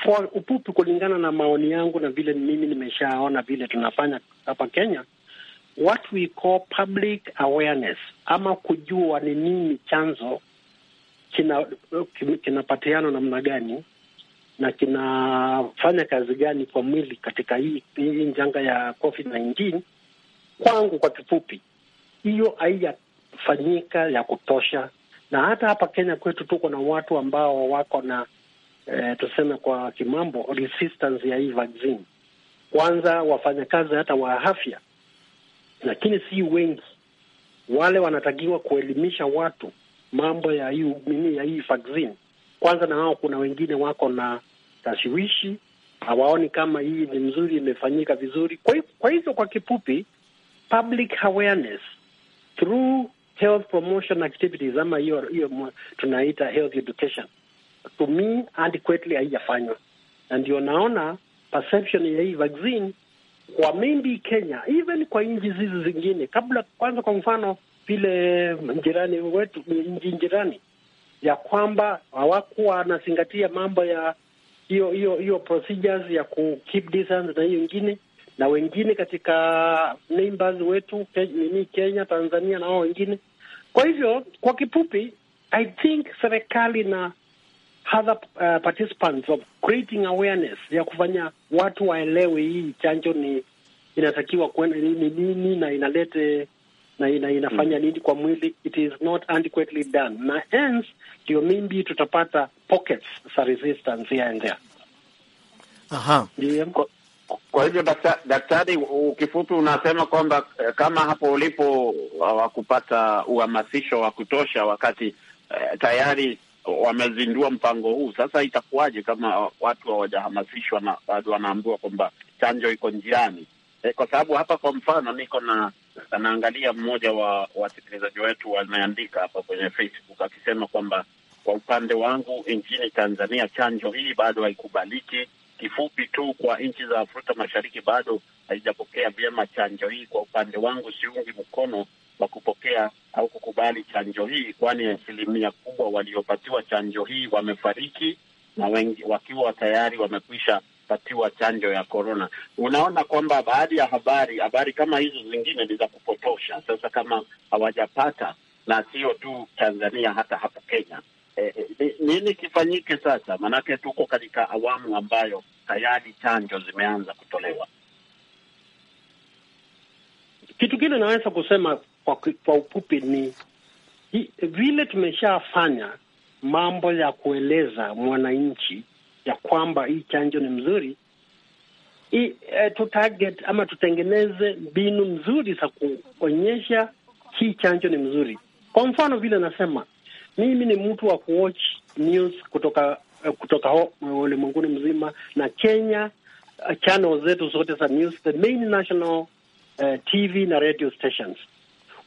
kwa upupi, kulingana na maoni yangu na vile mimi nimeshaona vile tunafanya hapa Kenya, what we call public awareness, ama kujua ni nini chanzo kinapatiana namna gani na kinafanya kazi gani kwa mwili katika hii hii njanga ya Covid 19. Kwangu kwa kifupi, hiyo haijafanyika ya kutosha, na hata hapa Kenya kwetu tuko na watu ambao wako na eh, tuseme kwa kimambo resistance ya hii vaccine. Kwanza wafanyakazi hata wa afya, lakini si wengi wale wanatakiwa kuelimisha watu mambo ya hii nini ya hii vaccine. Kwanza na hao kuna wengine wako na tashwishi, hawaoni kama hii ni mzuri, imefanyika vizuri. Kwa hivyo kwa kifupi, public awareness through health promotion activities ama hiyo hiyo tunaita health education to me adequately haijafanywa, na ndio naona perception ya hii vaccine kwa maybe Kenya, even kwa nchi hizi zingine kabla. Kwanza kwa mfano vile jirani wetu, nchi jirani ya kwamba hawakuwa wanazingatia mambo ya hiyo hiyo hiyo procedures ya ku keep distance na hiyo ingine, na wengine katika neighbors wetu nini Kenya, Tanzania na wao wengine. Kwa hivyo kwa kifupi, I think serikali na other uh, participants of creating awareness ya kufanya watu waelewe hii chanjo ni inatakiwa kwenda ni nini na inalete na ina, inafanya hmm. nini kwa mwili. It is not adequately done, na hence ndio mimbi tutapata pockets za resistance here and there. Aha. ndio Kwa, kwa hivyo daktari, ukifupi unasema kwamba eh, kama hapo ulipo hawakupata uhamasisho wa kutosha wakati eh, tayari wamezindua mpango huu. Sasa itakuwaje kama watu hawajahamasishwa na bado wanaambiwa kwamba chanjo iko njiani? E, kwa sababu hapa kwa mfano niko na anaangalia mmoja wa wasikilizaji wetu wameandika hapa kwenye Facebook akisema kwamba kwa upande wangu nchini Tanzania chanjo hii bado haikubaliki. Kifupi tu kwa nchi za Afrika Mashariki bado haijapokea vyema chanjo hii. Kwa upande wangu siungi mkono wa kupokea au kukubali chanjo hii, kwani asilimia kubwa waliopatiwa chanjo hii wamefariki na wengi wakiwa tayari wamekwisha patiwa chanjo ya korona. Unaona kwamba baadhi ya habari habari kama hizo zingine ni za kupotosha. Sasa kama hawajapata, na sio tu Tanzania, hata hapo Kenya, e, e, nini kifanyike sasa? Maanake tuko katika awamu ambayo tayari chanjo zimeanza kutolewa. Kitu kile naweza kusema kwa, kwa upupi ni hi, vile tumeshafanya mambo ya kueleza mwananchi ya kwamba hii chanjo ni mzuri I, eh, tu target ama tutengeneze mbinu mzuri za kuonyesha hii chanjo ni mzuri. Kwa mfano vile nasema mimi ni mtu wa kuwatch news kutoka eh, kutoka ulimwenguni mzima na Kenya, eh, channel zetu zote za news, the main national uh, TV na radio stations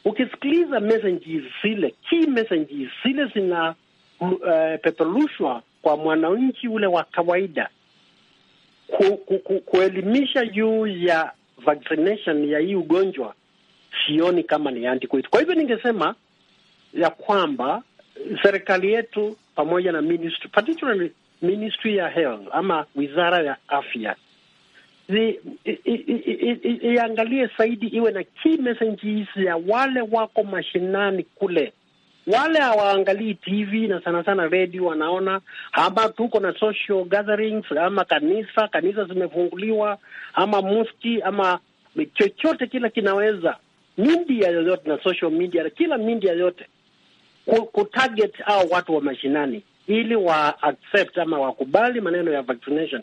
ukisikiliza messages zile, key messages zile zina uh, mm, eh, kwa mwananchi ule wa kawaida ku, ku, ku, kuelimisha juu ya vaccination ya hii ugonjwa, sioni kama ni antiquated. Kwa hivyo ningesema ya kwamba serikali yetu pamoja na ministry, particularly ministry ya health ama wizara ya afya iangalie zaidi, iwe na key messages ya wale wako mashinani kule. Wale hawaangalii TV na sana sana radio, wanaona hapa tuko na social gatherings, ama kanisa kanisa zimefunguliwa ama muski ama chochote kila kinaweza media yoyote na social media, kila media yoyote kutarget au watu wa mashinani ili wa accept ama wakubali maneno ya vaccination,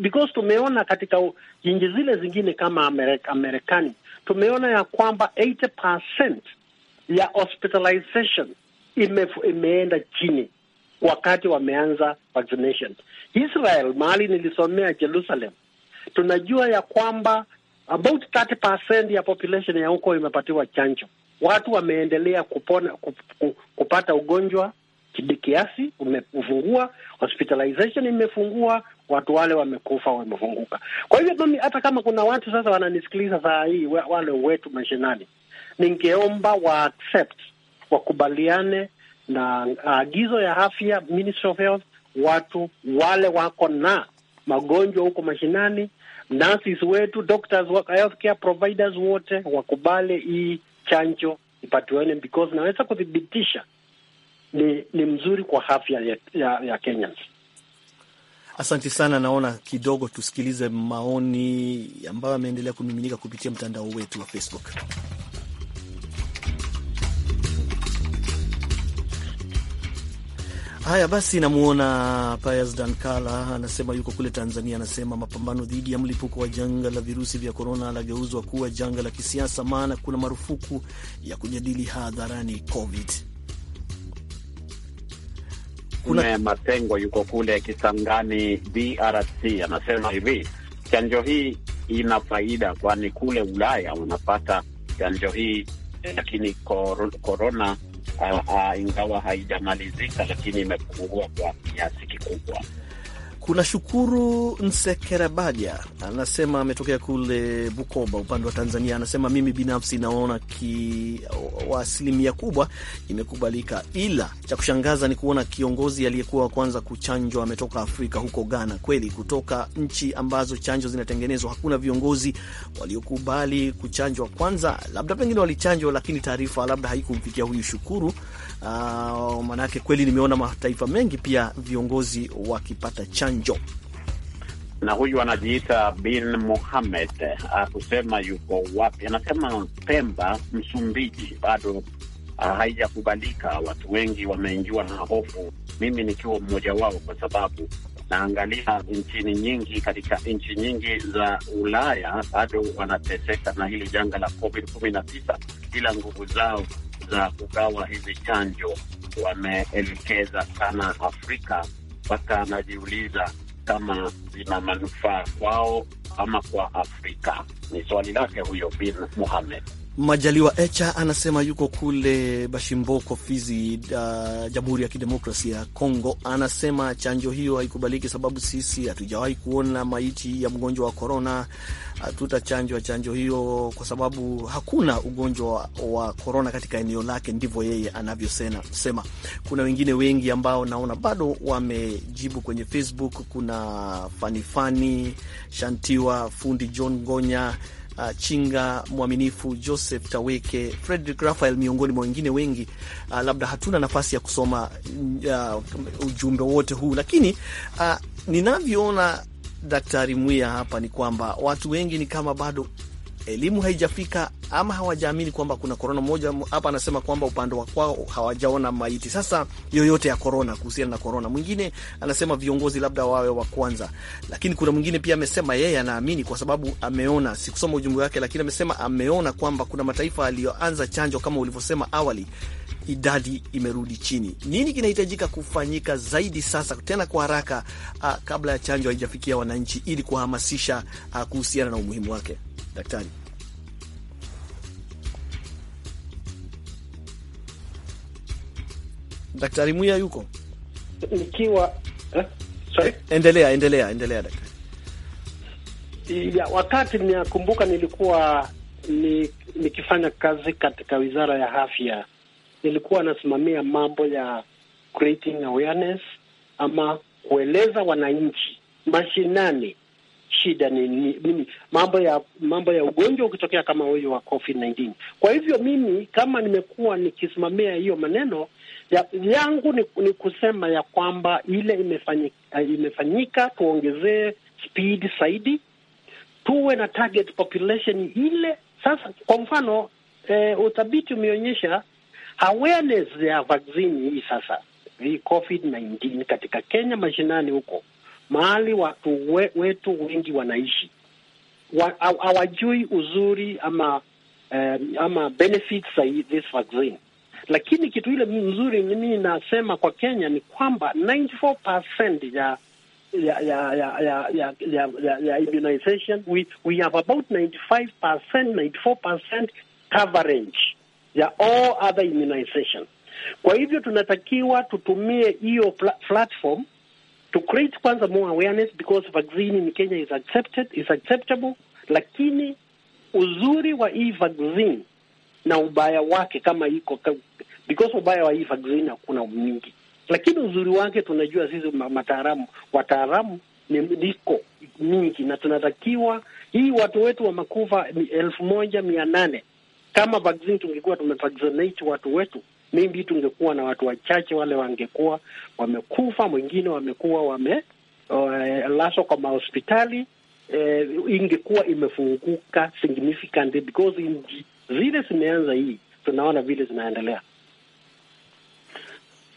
because tumeona katika nchi zile zingine kama Amerika, Amerikani tumeona ya kwamba 80% ya hospitalization ime, imeenda chini wakati wameanza vaccination. Israel, mahali nilisomea Jerusalem, tunajua ya kwamba about 30% ya population ya huko imepatiwa chanjo. Watu wameendelea kupona, kup, kupata ugonjwa kiasi umefungua, hospitalization imefungua, watu wale wamekufa, wamefunguka. Kwa hivyo mimi, hata kama kuna watu sasa wananisikiliza saa hii, wale wetu mashinani, ningeomba wa accept, wakubaliane na agizo ya afya, Ministry of Health, watu wale wako na magonjwa huko mashinani, nurses wetu, doctors, healthcare providers wote wakubali hii chanjo ipatiwane, because naweza kuthibitisha ni, ni mzuri kwa afya ya, ya, ya Kenyans. Asante sana. Naona kidogo tusikilize maoni ambayo yameendelea kumiminika kupitia mtandao wetu wa Facebook. Haya basi, namuona Payas Dankala anasema yuko kule Tanzania, anasema mapambano dhidi ya mlipuko wa janga la virusi vya korona lageuzwa kuwa janga la kisiasa, maana kuna marufuku ya kujadili hadharani COVID kuna... Matengo yuko kule Kisangani DRC, anasema hivi chanjo hii ina faida, kwani kule Ulaya wanapata chanjo hii, lakini korona uh, ah, uh, ah, ingawa haijamalizika, lakini imepungua kwa kiasi kikubwa. Kuna Shukuru Nsekerabaja anasema ametokea kule Bukoba upande wa Tanzania. Anasema mimi binafsi naona ki wa asilimia kubwa imekubalika, ila cha kushangaza ni kuona kiongozi aliyekuwa wa kwanza kuchanjwa ametoka Afrika huko Ghana. Kweli kutoka nchi ambazo chanjo zinatengenezwa hakuna viongozi waliokubali kuchanjwa kwanza, labda pengine walichanjwa, lakini taarifa labda haikumfikia huyu Shukuru. Uh, maanake kweli nimeona mataifa mengi pia viongozi wakipata chanjo chanjo. Na huyu anajiita bin Muhamed, akusema ah, yuko wapi? Anasema Pemba, Msumbiji, bado ah, haijakubalika. Watu wengi wameingiwa na hofu, mimi nikiwa mmoja wao, kwa sababu naangalia nchini nyingi, katika nchi nyingi za Ulaya bado wanateseka na hili janga la Covid kumi na tisa, ila nguvu zao za kugawa hizi chanjo wameelekeza sana Afrika mpaka anajiuliza kama zina manufaa kwao ama kwa Afrika. Ni swali lake huyo bin Muhamed. Majaliwa Echa anasema yuko kule Bashimboko, Fizi, uh, Jamhuri ya Kidemokrasia ya Kongo. Anasema chanjo hiyo haikubaliki sababu sisi hatujawahi kuona maiti ya mgonjwa wa korona, hatutachanjwa chanjo hiyo kwa sababu hakuna ugonjwa wa korona katika eneo lake. Ndivyo yeye anavyosema. Kuna wengine wengi ambao naona bado wamejibu kwenye Facebook. Kuna Fanifani Shantiwa, fundi John Gonya uh, Chinga Mwaminifu, Joseph Taweke, Frederick Rafael, miongoni mwa wengine wengi. Uh, labda hatuna nafasi ya kusoma uh, ujumbe wote huu, lakini uh, ninavyoona Daktari Mwia hapa ni kwamba watu wengi ni kama bado elimu haijafika ama hawajaamini kwamba kuna korona. Mmoja hapa anasema kwamba upande wa kwao hawajaona maiti sasa yoyote ya korona, kuhusiana na korona. Mwingine anasema viongozi labda wawe wa kwanza, lakini kuna mwingine pia amesema yeye anaamini kwa sababu ameona, sikusoma ujumbe wake, lakini amesema ameona kwamba kuna mataifa aliyoanza chanjo kama ulivyosema awali idadi imerudi chini. Nini kinahitajika kufanyika zaidi sasa tena kwa haraka, uh, kabla ya chanjo haijafikia wananchi, ili kuhamasisha uh, kuhusiana na umuhimu wake? daktari. Daktari Muya yuko nikiwa eh? eh? Endelea, endelea, endelea daktari. Ya, wakati ninakumbuka nilikuwa ni, nikifanya kazi katika Wizara ya Afya, nilikuwa nasimamia mambo ya creating awareness ama kueleza wananchi mashinani shida ni nini, mambo ya mambo ya ugonjwa ukitokea kama huyo wa COVID 19. Kwa hivyo mimi kama nimekuwa nikisimamia hiyo maneno ya, yangu ni, ni kusema ya kwamba ile imefanyika, eh, imefanyika tuongezee speed zaidi, tuwe na target population ile sasa. Kwa mfano eh, utabiti umeonyesha awareness ya vaccine hii sasa hii COVID 19 katika Kenya mashinani huko mahali watu we, wetu wengi wanaishi hawajui wa, uzuri ama um, ama benefits za this vaccine. Lakini kitu ile mzuri mimi nasema kwa Kenya ni kwamba 94% ya ya ya ya ya ya, ya, ya, ya immunization we, we have about 95% 94% coverage ya all other immunization. Kwa hivyo tunatakiwa tutumie hiyo pl platform to create kwanza more awareness because vaccine in Kenya is accepted, is acceptable. Lakini uzuri wa hii vaccine na ubaya wake kama iko because ubaya wa hii vaccine hakuna mingi, lakini uzuri wake tunajua sisi mataalamu, wataalamu ni liko mingi, na tunatakiwa hii watu wetu wa makufa elfu moja mia nane kama vaccine tungekuwa tumevaccinate watu wetu maybe tungekuwa na watu wachache wale wangekuwa wamekufa, mwingine wamekuwa wamelaswa eh, uh, kwa mahospitali eh, ingekuwa imefunguka because zile zimeanza hii, tunaona vile zinaendelea.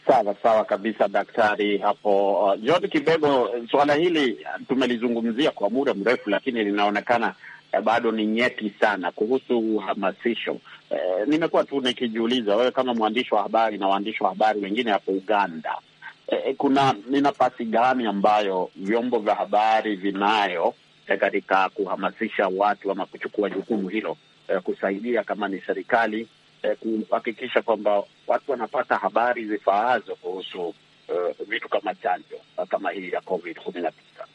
Sawa sawa kabisa, daktari hapo. Uh, John Kibego, suala hili tumelizungumzia kwa muda mrefu, lakini linaonekana Eh, bado ni nyeti sana. Kuhusu uhamasisho, eh, nimekuwa tu nikijiuliza, wewe kama mwandishi wa habari na waandishi wa habari wengine hapo Uganda, eh, kuna ni nafasi gani ambayo vyombo vya habari vinayo eh, katika kuhamasisha watu ama kuchukua jukumu hilo eh, kusaidia kama ni serikali eh, kuhakikisha kwamba watu wanapata habari zifaazo kuhusu eh, vitu kama chanjo kama hii ya COVID kumi na tisa.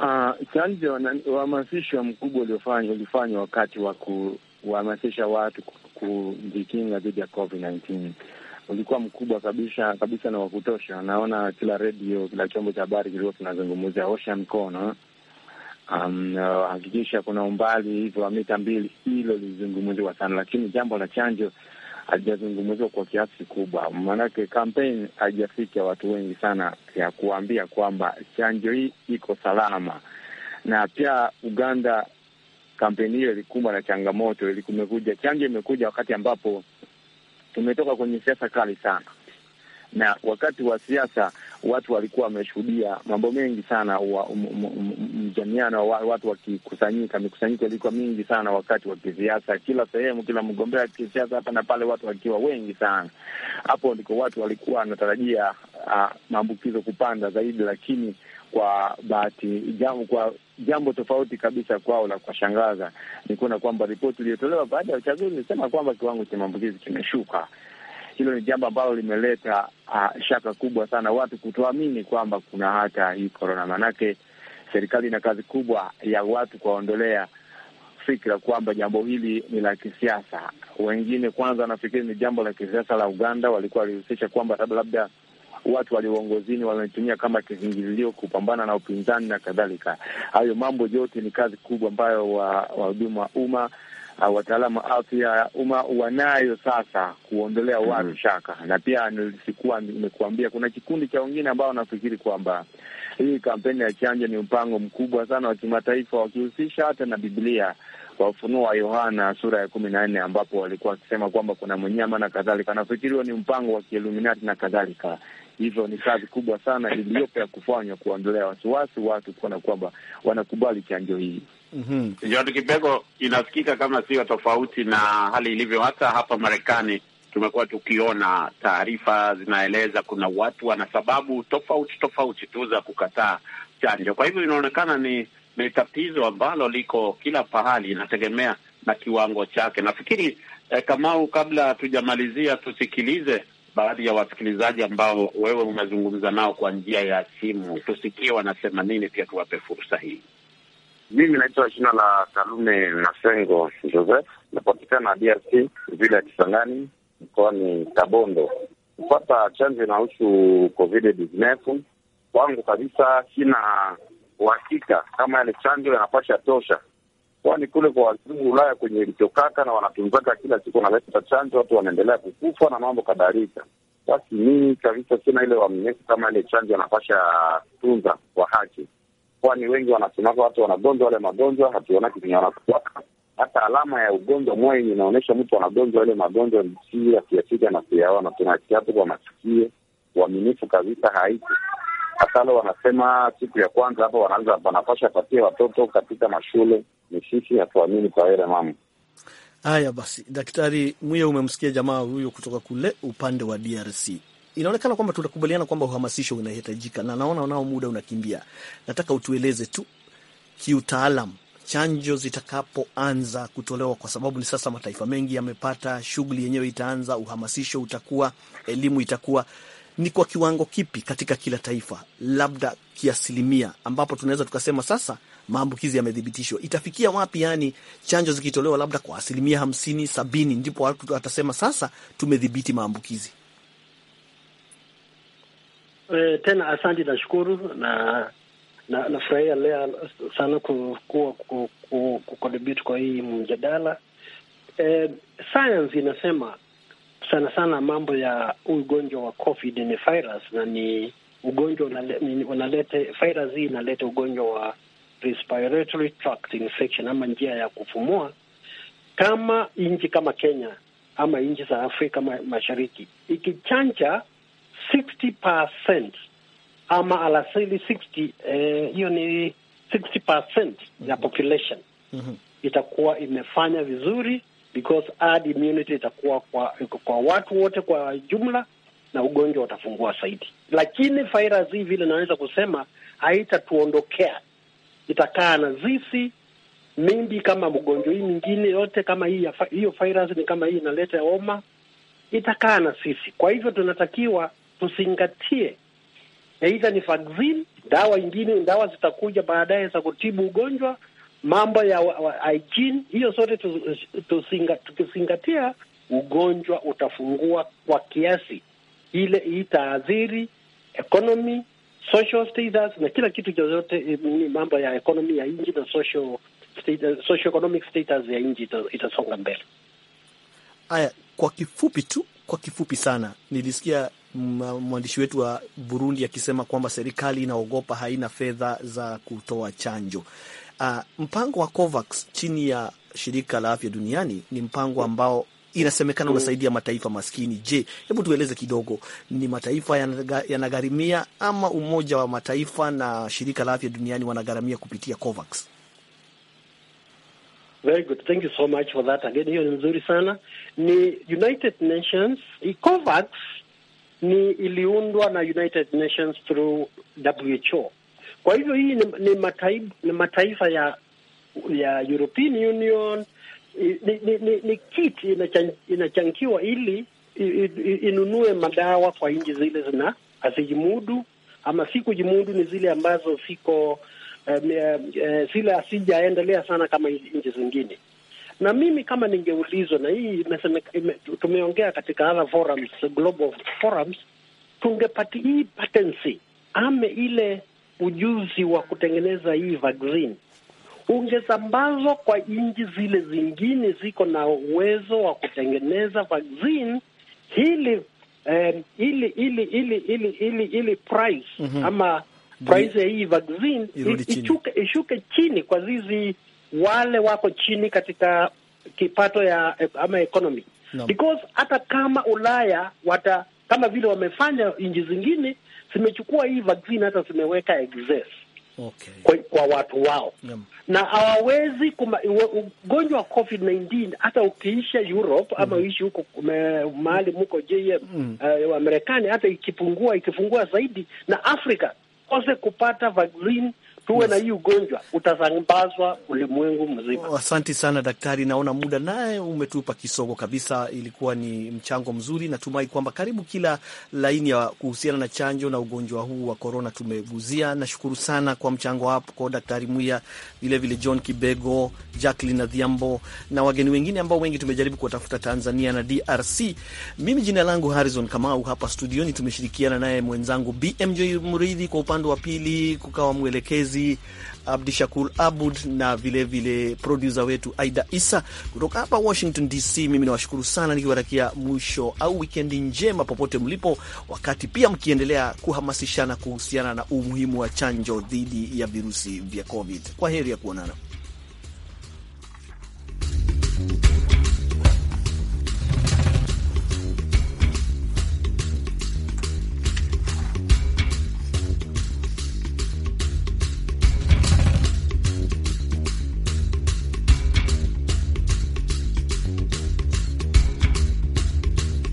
Uh, chanjo uhamasisho mkubwa ulifanywa wakati wa kuhamasisha watu kujikinga dhidi ya COVID-19 ulikuwa mkubwa kabisa kabisa na wa kutosha. Naona kila redio, kila chombo cha habari kilikuwa kinazungumzia osha mkono, um, hakikisha kuna umbali hivyo wa mita mbili. Hilo lilizungumziwa sana, lakini jambo la chanjo hajazungumziwa kwa kiasi kikubwa, maanake kampeni haijafikia watu wengi sana ya kuwaambia kwamba chanjo hii iko salama. Na pia Uganda, kampeni hiyo ilikumbwa na changamoto, ilikumekuja chanjo imekuja wakati ambapo tumetoka kwenye siasa kali sana na wakati wa siasa watu walikuwa wameshuhudia mambo mengi sana wa, mjamiano wa watu wakikusanyika. Mikusanyiko ilikuwa mingi sana wakati wa kisiasa, kila sehemu, kila mgombea kisiasa hapa na pale, watu wakiwa wengi sana. Hapo ndiko watu walikuwa wanatarajia uh, maambukizo kupanda zaidi, lakini kwa bahati jambo, kwa jambo tofauti kabisa kwao la kuwashangaza ni kuona kwamba ripoti iliyotolewa baada ya uchaguzi ilisema kwamba kiwango cha maambukizi kimeshuka hilo ni jambo ambalo limeleta uh, shaka kubwa sana, watu kutoamini kwamba kuna hata hii korona. Maanake serikali ina kazi kubwa ya watu kuwaondolea fikra kwamba jambo hili ni la kisiasa. Wengine kwanza wanafikiri ni jambo la kisiasa la Uganda, walikuwa walihusisha kwamba labda labda watu walio uongozini wanatumia kama kizingilio kupambana na upinzani na kadhalika. Hayo mambo yote ni kazi kubwa ambayo wahudumu wa umma uh, wataalamu wa afya umma wanayo sasa kuondolea mhm. watu mm -hmm. shaka, na pia nilisikuwa nimekuambia kuna kikundi cha wengine ambao wanafikiri kwamba hii kampeni ya chanjo ni mpango mkubwa sana wa kimataifa, wakihusisha hata na Biblia kwa Ufunuo wa Yohana sura ya kumi na nne ambapo walikuwa wakisema kwamba kuna mnyama na kadhalika. Nafikiriwa ni mpango wa kieluminati na kadhalika. Hivyo ni kazi kubwa sana iliyopo ya kufanywa kuondolea wasiwasi watu kuona kwamba wanakubali chanjo hii. Mm -hmm. Kibego, inasikika kama sio tofauti na hali ilivyo hata hapa Marekani. Tumekuwa tukiona taarifa zinaeleza kuna watu wana sababu tofauti tofauti tu za kukataa chanjo. Kwa hivyo inaonekana ni, ni tatizo ambalo liko kila pahali, inategemea na kiwango chake. Nafikiri eh, Kamau, kabla tujamalizia tusikilize baadhi ya wasikilizaji ambao wewe umezungumza nao kwa njia ya simu, tusikie wanasema nini, pia tuwape fursa hii. Mimi naitwa jina la Kalume Masengo Joseph, napatikana DRC vile ya Kisangani mkoani Kabondo. Kupata chanjo inahusu covid 19 kwangu kabisa sina uhakika kama yale chanjo yanapasha tosha kwani kule kwa wazungu Ulaya kwenye ilichokaka na wanatunzaka kila siku wanaleta chanjo, watu wanaendelea kukufa na mambo kadhalika. Basi mimi kabisa sina ile uaminifu kama ile chanjo anapasha tunza kwa haki, kwani wengi wanasemaga watu wanagonjwa wale magonjwa, hatuonaki venye wanakuaka hata alama ya ugonjwa mwenye inaonyesha mtu anagonjwa ile magonjwa msii akiasiga na kuyaona, tunasikia tu kwa masikio. Uaminifu kabisa haiko hasalo. Wanasema siku ya kwanza hapo wanaanza wanapasha patia watoto katika mashule ni sisi hatuamini kwa yale mama. haya. Basi Daktari Mwiye, umemsikia jamaa huyo kutoka kule upande wa DRC. Inaonekana kwamba tunakubaliana kwamba uhamasisho unahitajika, na naona unao muda unakimbia. Nataka utueleze tu kiutaalam chanjo zitakapoanza kutolewa, kwa sababu ni sasa mataifa mengi yamepata, shughuli yenyewe itaanza, uhamasisho utakuwa, elimu itakuwa ni kwa kiwango kipi katika kila taifa, labda kiasilimia, ambapo tunaweza tukasema sasa maambukizi yamethibitishwa, itafikia wapi? Yani chanjo zikitolewa labda kwa asilimia hamsini sabini, ndipo watu watasema sasa tumedhibiti maambukizi. E, tena asante, nashukuru na na nafurahia lea sana kukua kukontribute kwa hii mjadala. E, science inasema sana sana mambo ya ugonjwa wa COVID ni virus na ni ugonjwa unaleta virus hii inaleta ugonjwa wa respiratory tract infection ama njia ya kupumua, kama nchi kama Kenya ama nchi za Afrika Mashariki ikichanja 60% ama alasili 60 eh, hiyo ni 60% ya population mm -hmm. itakuwa imefanya vizuri because herd immunity itakuwa kwa, kwa watu wote kwa jumla na ugonjwa utafungua zaidi, lakini virus hii vile naweza kusema haitatuondokea itakaa na zisi mimbi kama mgonjwa hii mingine yote kama hii ya hiyo virus ni kama hii inaleta homa itakaa na sisi. Kwa hivyo tunatakiwa tuzingatie, aidha ni vaccine, dawa ingine, dawa zitakuja baadaye za kutibu ugonjwa, mambo ya hygiene, hiyo sote tukizingatia, ugonjwa utafungua kwa kiasi, ile itaathiri economy social status na kila kitu chochote, eh, mambo ya economy ya nchi na social status, eh, social economic status ya nchi itasonga mbele. Haya, kwa kifupi tu, kwa kifupi sana, nilisikia mwandishi wetu wa Burundi akisema kwamba serikali inaogopa, haina fedha za kutoa chanjo. Uh, mpango wa COVAX chini ya shirika la afya duniani ni mpango ambao inasemekana mm. unasaidia mataifa maskini. Je, hebu tueleze kidogo, ni mataifa yanagharimia ama Umoja wa Mataifa na Shirika la Afya Duniani wanagharamia kupitia COVAX? Very good. Thank you so much for that again. Hiyo ni nzuri sana. Ni United Nations, COVAX ni iliundwa na United Nations through WHO. Kwa hivyo hii ni, ni, mataifa, ni mataifa ya ya European Union ni, ni, ni, ni kiti inachangiwa ili inunue madawa kwa nchi zile zina hazijimudu ama si kujimudu, ni zile ambazo siko um, uh, eh, eh, zile asijaendelea sana kama nchi zingine. Na mimi kama ningeulizwa, na hii tumeongea katika other forums, global forums, tungepati hii patency ame ile ujuzi wa kutengeneza hii vaccine ungesambazwa kwa nchi zile zingine ziko na uwezo wa kutengeneza vaccine hili eh, ili ili ili ili ili ili price mm -hmm. ama price ya hii vaccine ishuke, ishuke chini kwa zizi wale wako chini katika kipato ya eh, ama economy no. Because hata kama Ulaya wata kama vile wamefanya nchi zingine zimechukua hii vaccine hata zimeweka excess okay. Kwa, kwa watu wao yeah na hawawezi ugonjwa wa COVID 19 hata ukiisha Europe ama mm. uishi huko mahali muko JM mm. uh, wa Marekani hata ikipungua ikifungua zaidi na Afrika kose kupata vaccine tuwe na hii ugonjwa utasambazwa ulimwengu mzima. Oh, Asanti sana daktari, naona muda naye umetupa kisogo kabisa. Ilikuwa ni mchango mzuri, natumai kwamba karibu kila laini ya kuhusiana na chanjo na ugonjwa huu wa korona tumeguzia. Nashukuru sana kwa mchango kwa Daktari Mwia, vilevile John Kibego, Jacqueline Adhiambo na wageni wengine ambao wengi tumejaribu kuwatafuta Tanzania na DRC. Mimi jina langu Harrison Kamau, hapa studioni tumeshirikiana naye mwenzangu BMJ Mridhi kwa upande wa pili, kukawa mwelekezi mwelekezi Abdishakur Abud na vilevile produsa wetu Aida Isa kutoka hapa Washington DC. Mimi nawashukuru sana nikiwatakia mwisho au wikendi njema popote mlipo, wakati pia mkiendelea kuhamasishana kuhusiana na umuhimu wa chanjo dhidi ya virusi vya COVID. Kwa heri ya kuonana.